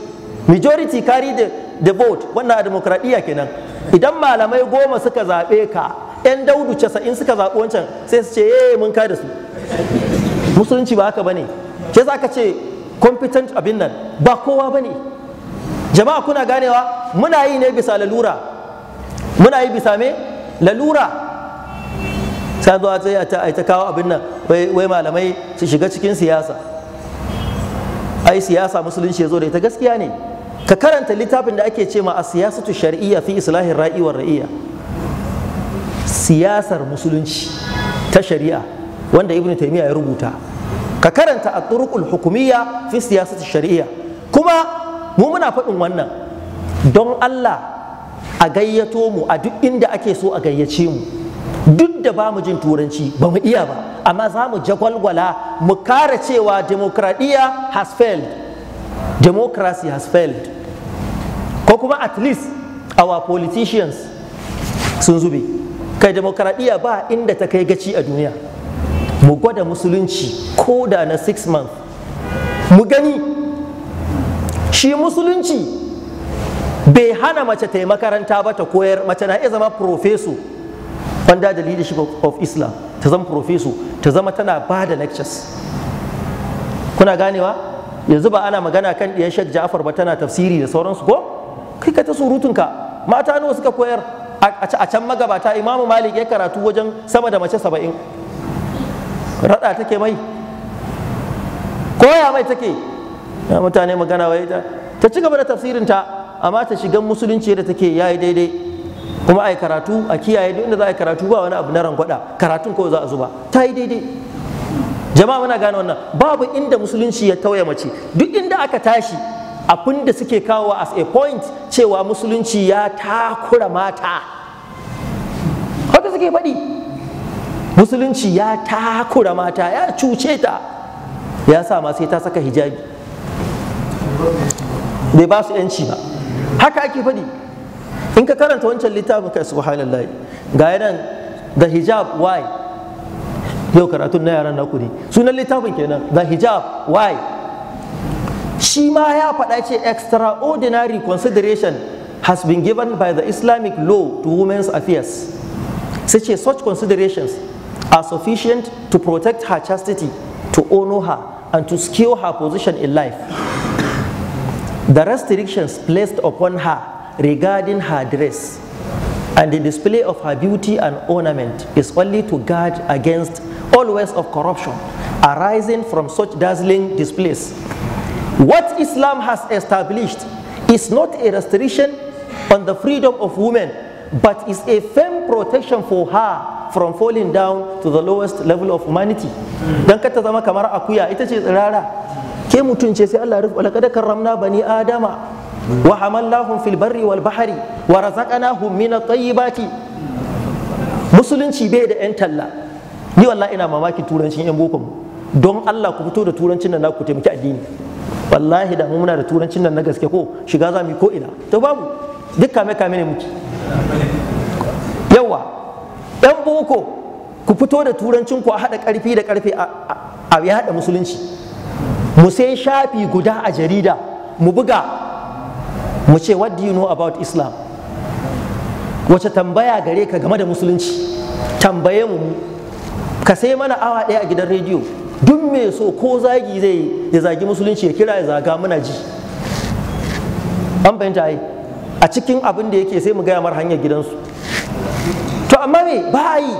Majority carry the, the vote, wannan a demokradiyya kenan. Idan malamai goma suka zaɓe ka, 'yan daudu casa'in suka zaɓi wancan sai su ce, "Eh mun kada su." Musulunci ba haka ba ne. Ke za ka ce, competent abin nan ba kowa ba ne jama'a kuna ganewa muna yi ne bisa lalura muna yi bisa me lalura sai zuwa a ta kawo abin nan wai malamai su shiga cikin siyasa ai siyasa musulunci ya zo da ita gaskiya ne ka karanta littafin da ake ce ma a siyasatu shar'iyya fi islahin ra'i wa ra'iyya siyasar musulunci ta shari'a wanda ibnu taymiya ya rubuta ka karanta a turukul hukumiyya fi siyasati shari'a kuma mu muna faɗin wannan don Allah a gayyato mu a duk inda ake so a gayyace mu duk da ba mu jin turanci ba mu iya ba amma za mu jagwalgwala mu kara cewa demokradiyya has failed democracy has failed ko kuma at least our politicians sun zube kai demokradiyya ba inda ta kai gaci a duniya mu gwada musulunci ko da na 6 month mu gani shi musulunci bai hana mace ta yi makaranta ba ta koyar mace na iya zama profeso wanda da leadership of islam ta zama profeso ta zama tana ba da lectures kuna ganewa yanzu ba ana magana kan ɗiyar shek ja'afar ba tana tafsiri da sauransu ko kai ka ta surutunka mata nawa suka koyar a can magabata imamu malik ya karatu wajen sama da mace saba'in raɗa take mai koya mai take ya mutane magana wai ta ta ci gaba da tafsirinta amma ta shiga musulunci da take yayi daidai kuma ai karatu a kiyaye duk inda za a karatu ba wani abu na rangwada karatun ko za a zuba ta yi daidai jama'a muna gane wannan babu inda musulunci ya tauye mace duk inda aka tashi abin da suke kawo as a point cewa musulunci ya takura mata haka suke faɗi musulunci ya takura mata ya cuce ta ya sa ma sai ta saka hijabi bai ba su yanci ba haka ake faɗi in ka karanta wancan littafin kai subhanallah ga nan da hijab why yau karatun na yaran naku ne sunan littafin kenan da hijab why shi ma ya faɗa ce extraordinary consideration has been given by the islamic law to women's affairs sai ce such considerations are sufficient to protect her chastity, to honor her, and to secure her position in life. The restrictions placed upon her regarding her dress and the display of her beauty and ornament is only to guard against all ways of corruption arising from such dazzling displays. What Islam has established is not a restriction on the freedom of women but is a firm protection for her from falling down to the lowest level of humanity dan ka ta zama kamar akuya ita ce tsirara ke mutum ce sai Allah ya rufe laqad karramna bani adama wa hamallahum fil barri wal bahri wa razaqnahum min at-tayyibati musulunci bai da yan talla ni wallahi ina mamakin turancin yan boko don Allah ku fito da turancin nan ku taimaki addini wallahi da mu muna da turancin nan na gaske ko shiga za mu ko ina to babu duk kame kame ne muke yawa yan boko ku fito da turancin ku a haɗa ƙarfi da ƙarfi a yaɗa musulunci mu sai shafi guda a jarida mu buga mu ce what do you know about islam wace tambaya gare ka game da musulunci tambaye mu ka sai mana awa ɗaya a gidan rediyo duk mai so ko zagi zai ya zagi musulunci ya kira ya zaga muna ji an fahimta yi. a cikin abin da yake sai mu gaya mar hanyar gidansu to amma me ba a yi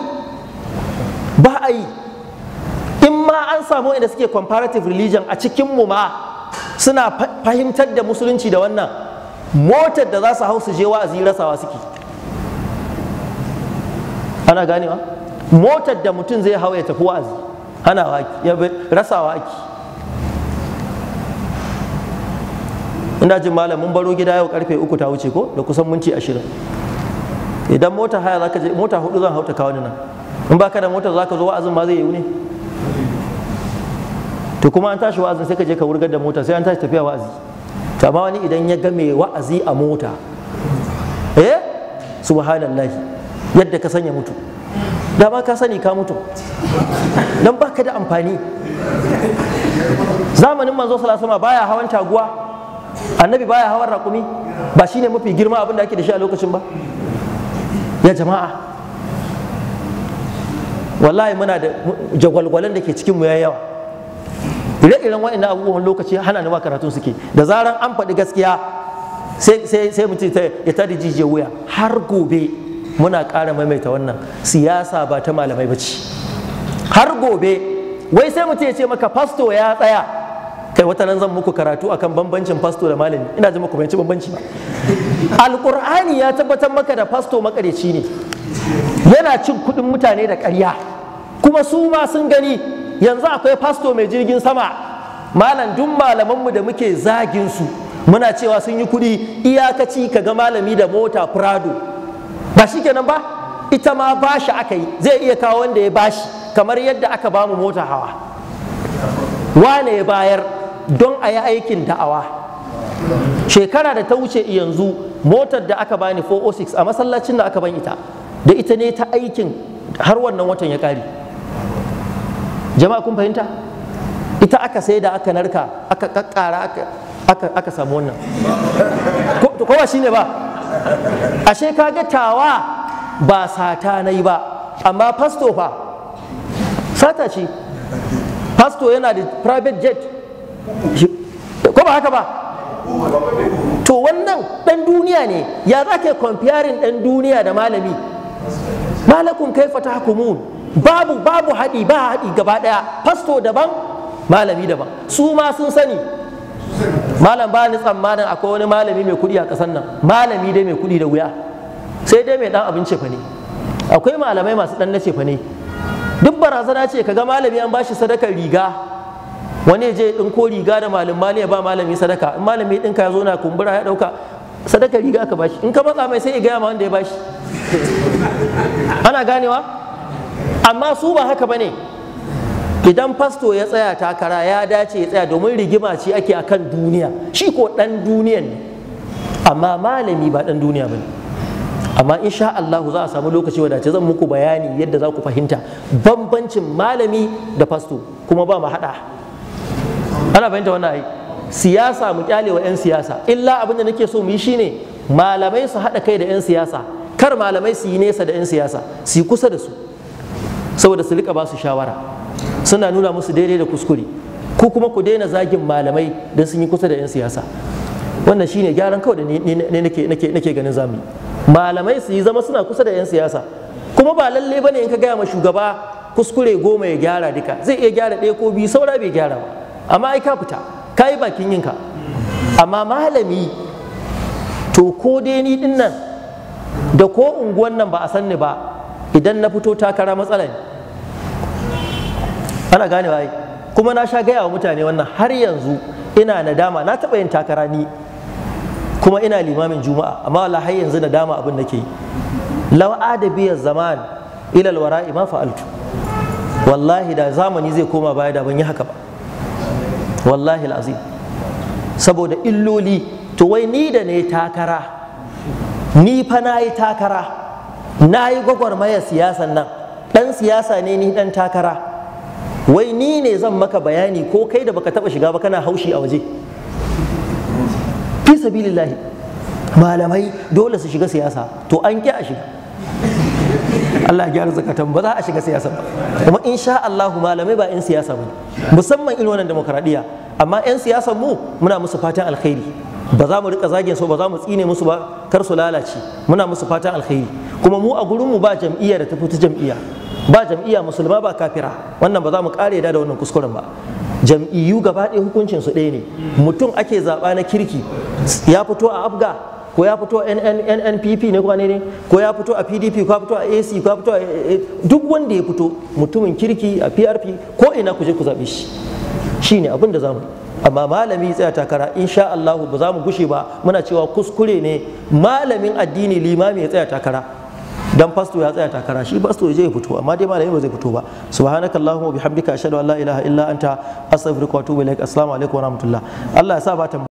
ba a yi in ma an samu inda suke comparative religion a cikin mu ma suna fahimtar da musulunci da wannan motar da za su hau su je wa'azi rasawa suke ana ganewa motar da mutum zai hau ya tafi wa'azi ana waki rasawa ake ina jin malam mun baro gida yau karfe uku ta wuce ko da kusan minti ashirin idan mota haya zaka je mota hudu zan hauta kawo nan in baka da motar zaka zo wa'azin ma zai yi ne to kuma an tashi wa'azin sai ka je ka wurgar da mota sai an tashi tafiya wa'azi to amma wani idan ya game wa'azi a mota eh subhanallahi yadda ka sanya mutu da ba ka sani ka mutu dan baka da amfani zamanin manzo sallallahu alaihi wasallam baya hawan taguwa annabi baya hawan raƙumi ba shine mafi girma abin da ake da shi a lokacin ba ya jama'a wallahi muna da jagwalgwalan da ke cikin mu ya yawa ire-iren waɗannan abubuwan lokaci hana ni ma karatun suke da zaran an faɗi gaskiya sai mutum ya tada jijiyar wuya har gobe muna ƙara maimaita wannan siyasa ba ta malamai ba ce har gobe wai sai mutum ya ce maka fasto ya tsaya kai wata nan zan muku karatu akan bambancin fasto da malami ina ji muku bayanci bambanci ba alqur'ani ya tabbatar maka da fasto makareci ne yana cin kuɗin mutane da ƙarya kuma su ma sun gani yanzu akwai fasto mai jirgin sama malam duk malamanmu da muke zagin su muna cewa sun yi kuɗi iyakaci ka ga malami da mota prado ba shi kenan ba ita ma bashi aka yi zai iya kawo wanda ya bashi kamar yadda aka bamu mota hawa wane ya bayar don a yi aikin da'awa shekara da ta wuce yanzu motar da aka bani 406 a masallacin da aka ban ita da ita ne ta aikin har wannan watan ya kare jama'a kun fahimta ita aka sai da aka narka aka kakkara aka samu wannan kowa shine ba ashe kaga tawa ba sata na yi ba amma fasto fa sata ce fasto yana da private jet ko ba haka ba to wannan dan duniya ne ya za comparing dan duniya da malami malakun kai fata hukumun babu babu haɗi ba haɗi gaba ɗaya fasto daban malami daban su ma sun sani malam ba ni tsammanin akwai wani malami mai kuɗi a ƙasar nan malami dai mai kuɗi da wuya sai dai mai ɗan abinci fa ne akwai malamai masu ɗan nace fa ne duk barazana ce kaga malami an bashi sadakar riga wani je ya ko riga da malam mali ya ba malami sadaka in malami ya ka ya zo na kumbura ya dauka sadaka riga aka bashi in ka matsa mai sai ya gaya ma wanda ya bashi [laughs] ana ganewa amma su ba haka bane idan fasto ya tsaya takara ya dace ya tsaya domin rigima ce ake akan duniya shi ko dan duniyan ne amma malami ba dan duniya bane amma insha Allah za a samu lokaci wadace zan muku bayani yadda za ku fahimta bambancin malami da fasto kuma ba mu hada ana fahimta wannan ai siyasa mu kyale wa 'yan siyasa illa abin da nake so mu yi shine malamai su haɗa kai da 'yan siyasa kar malamai su yi nesa da 'yan siyasa su yi kusa da su saboda su rika ba su shawara suna nuna musu daidai da kuskure ko kuma ku daina zagin malamai don sun yi kusa da 'yan siyasa wannan shine gyaran kawai da ne nake ganin zamu malamai su yi zama suna kusa da 'yan siyasa kuma ba lalle bane in ka gaya ma shugaba kuskure goma ya gyara duka zai iya gyara ɗaya ko biyu saura bai gyara ba amma ai ka fita ka yi bakin yinka amma malami to ko dai ni din nan da ko unguwan nan ba a sanni ba idan na fito takara matsala ne ana gane ai kuma na sha gaya wa mutane wannan har yanzu ina nadama na taɓa yin takara ni kuma ina limamin juma'a amma wallahi har yanzu nadama abin nake yi law adabiyar zaman ilal wara'i ma fa'altu wallahi da zamani zai koma baya da ban yi haka ba wallahi azim saboda illoli to wai ni da ne takara ni fa na yi takara na yi gwagwarmayar siyasan nan ɗan siyasa ne ni ɗan takara wai ni ne zan maka bayani ko kai da baka taɓa shiga ba kana haushi a waje fi sabilillahi malamai dole su shiga siyasa to an ƙi shiga Allah ya gyara zakatan ba za a shiga siyasa ba kuma insha Allah malamai ba 'yan siyasa ba musamman irin wannan demokradiya amma 'yan siyasan mu muna musu fatan alkhairi ba za mu rika zagin su ba za mu tsine musu ba kar su lalace muna musu fatan alkhairi kuma mu a gurin mu ba jam'iyya da ta jam'iyya ba jam'iyya musulma ba kafira wannan ba za mu kare da wannan kuskuren ba jam'iyyu gaba ɗaya hukuncin su ɗaya ne mutum ake zaɓa na kirki ya fito a afga ko ya fito nnpp ne kwane ne ko ya fito a pdp ko ya fito a ac ko ya fito a eh, eh, duk wanda ya fito mutumin kirki a prp ko ina ku je ku zaɓe shi shine abin da zamu amma malami tsaya takara insha Allah ba za mu gushe ba muna cewa kuskure ne malamin addini limami ya tsaya takara dan fasto ya tsaya takara shi fasto ya je ya fito amma dai malami ba zai fito ba subhanakallahumma wa bihamdika ashhadu an la ilaha illa anta astaghfiruka wa atubu ilaik assalamu alaikum wa rahmatullah Allah ya sa ba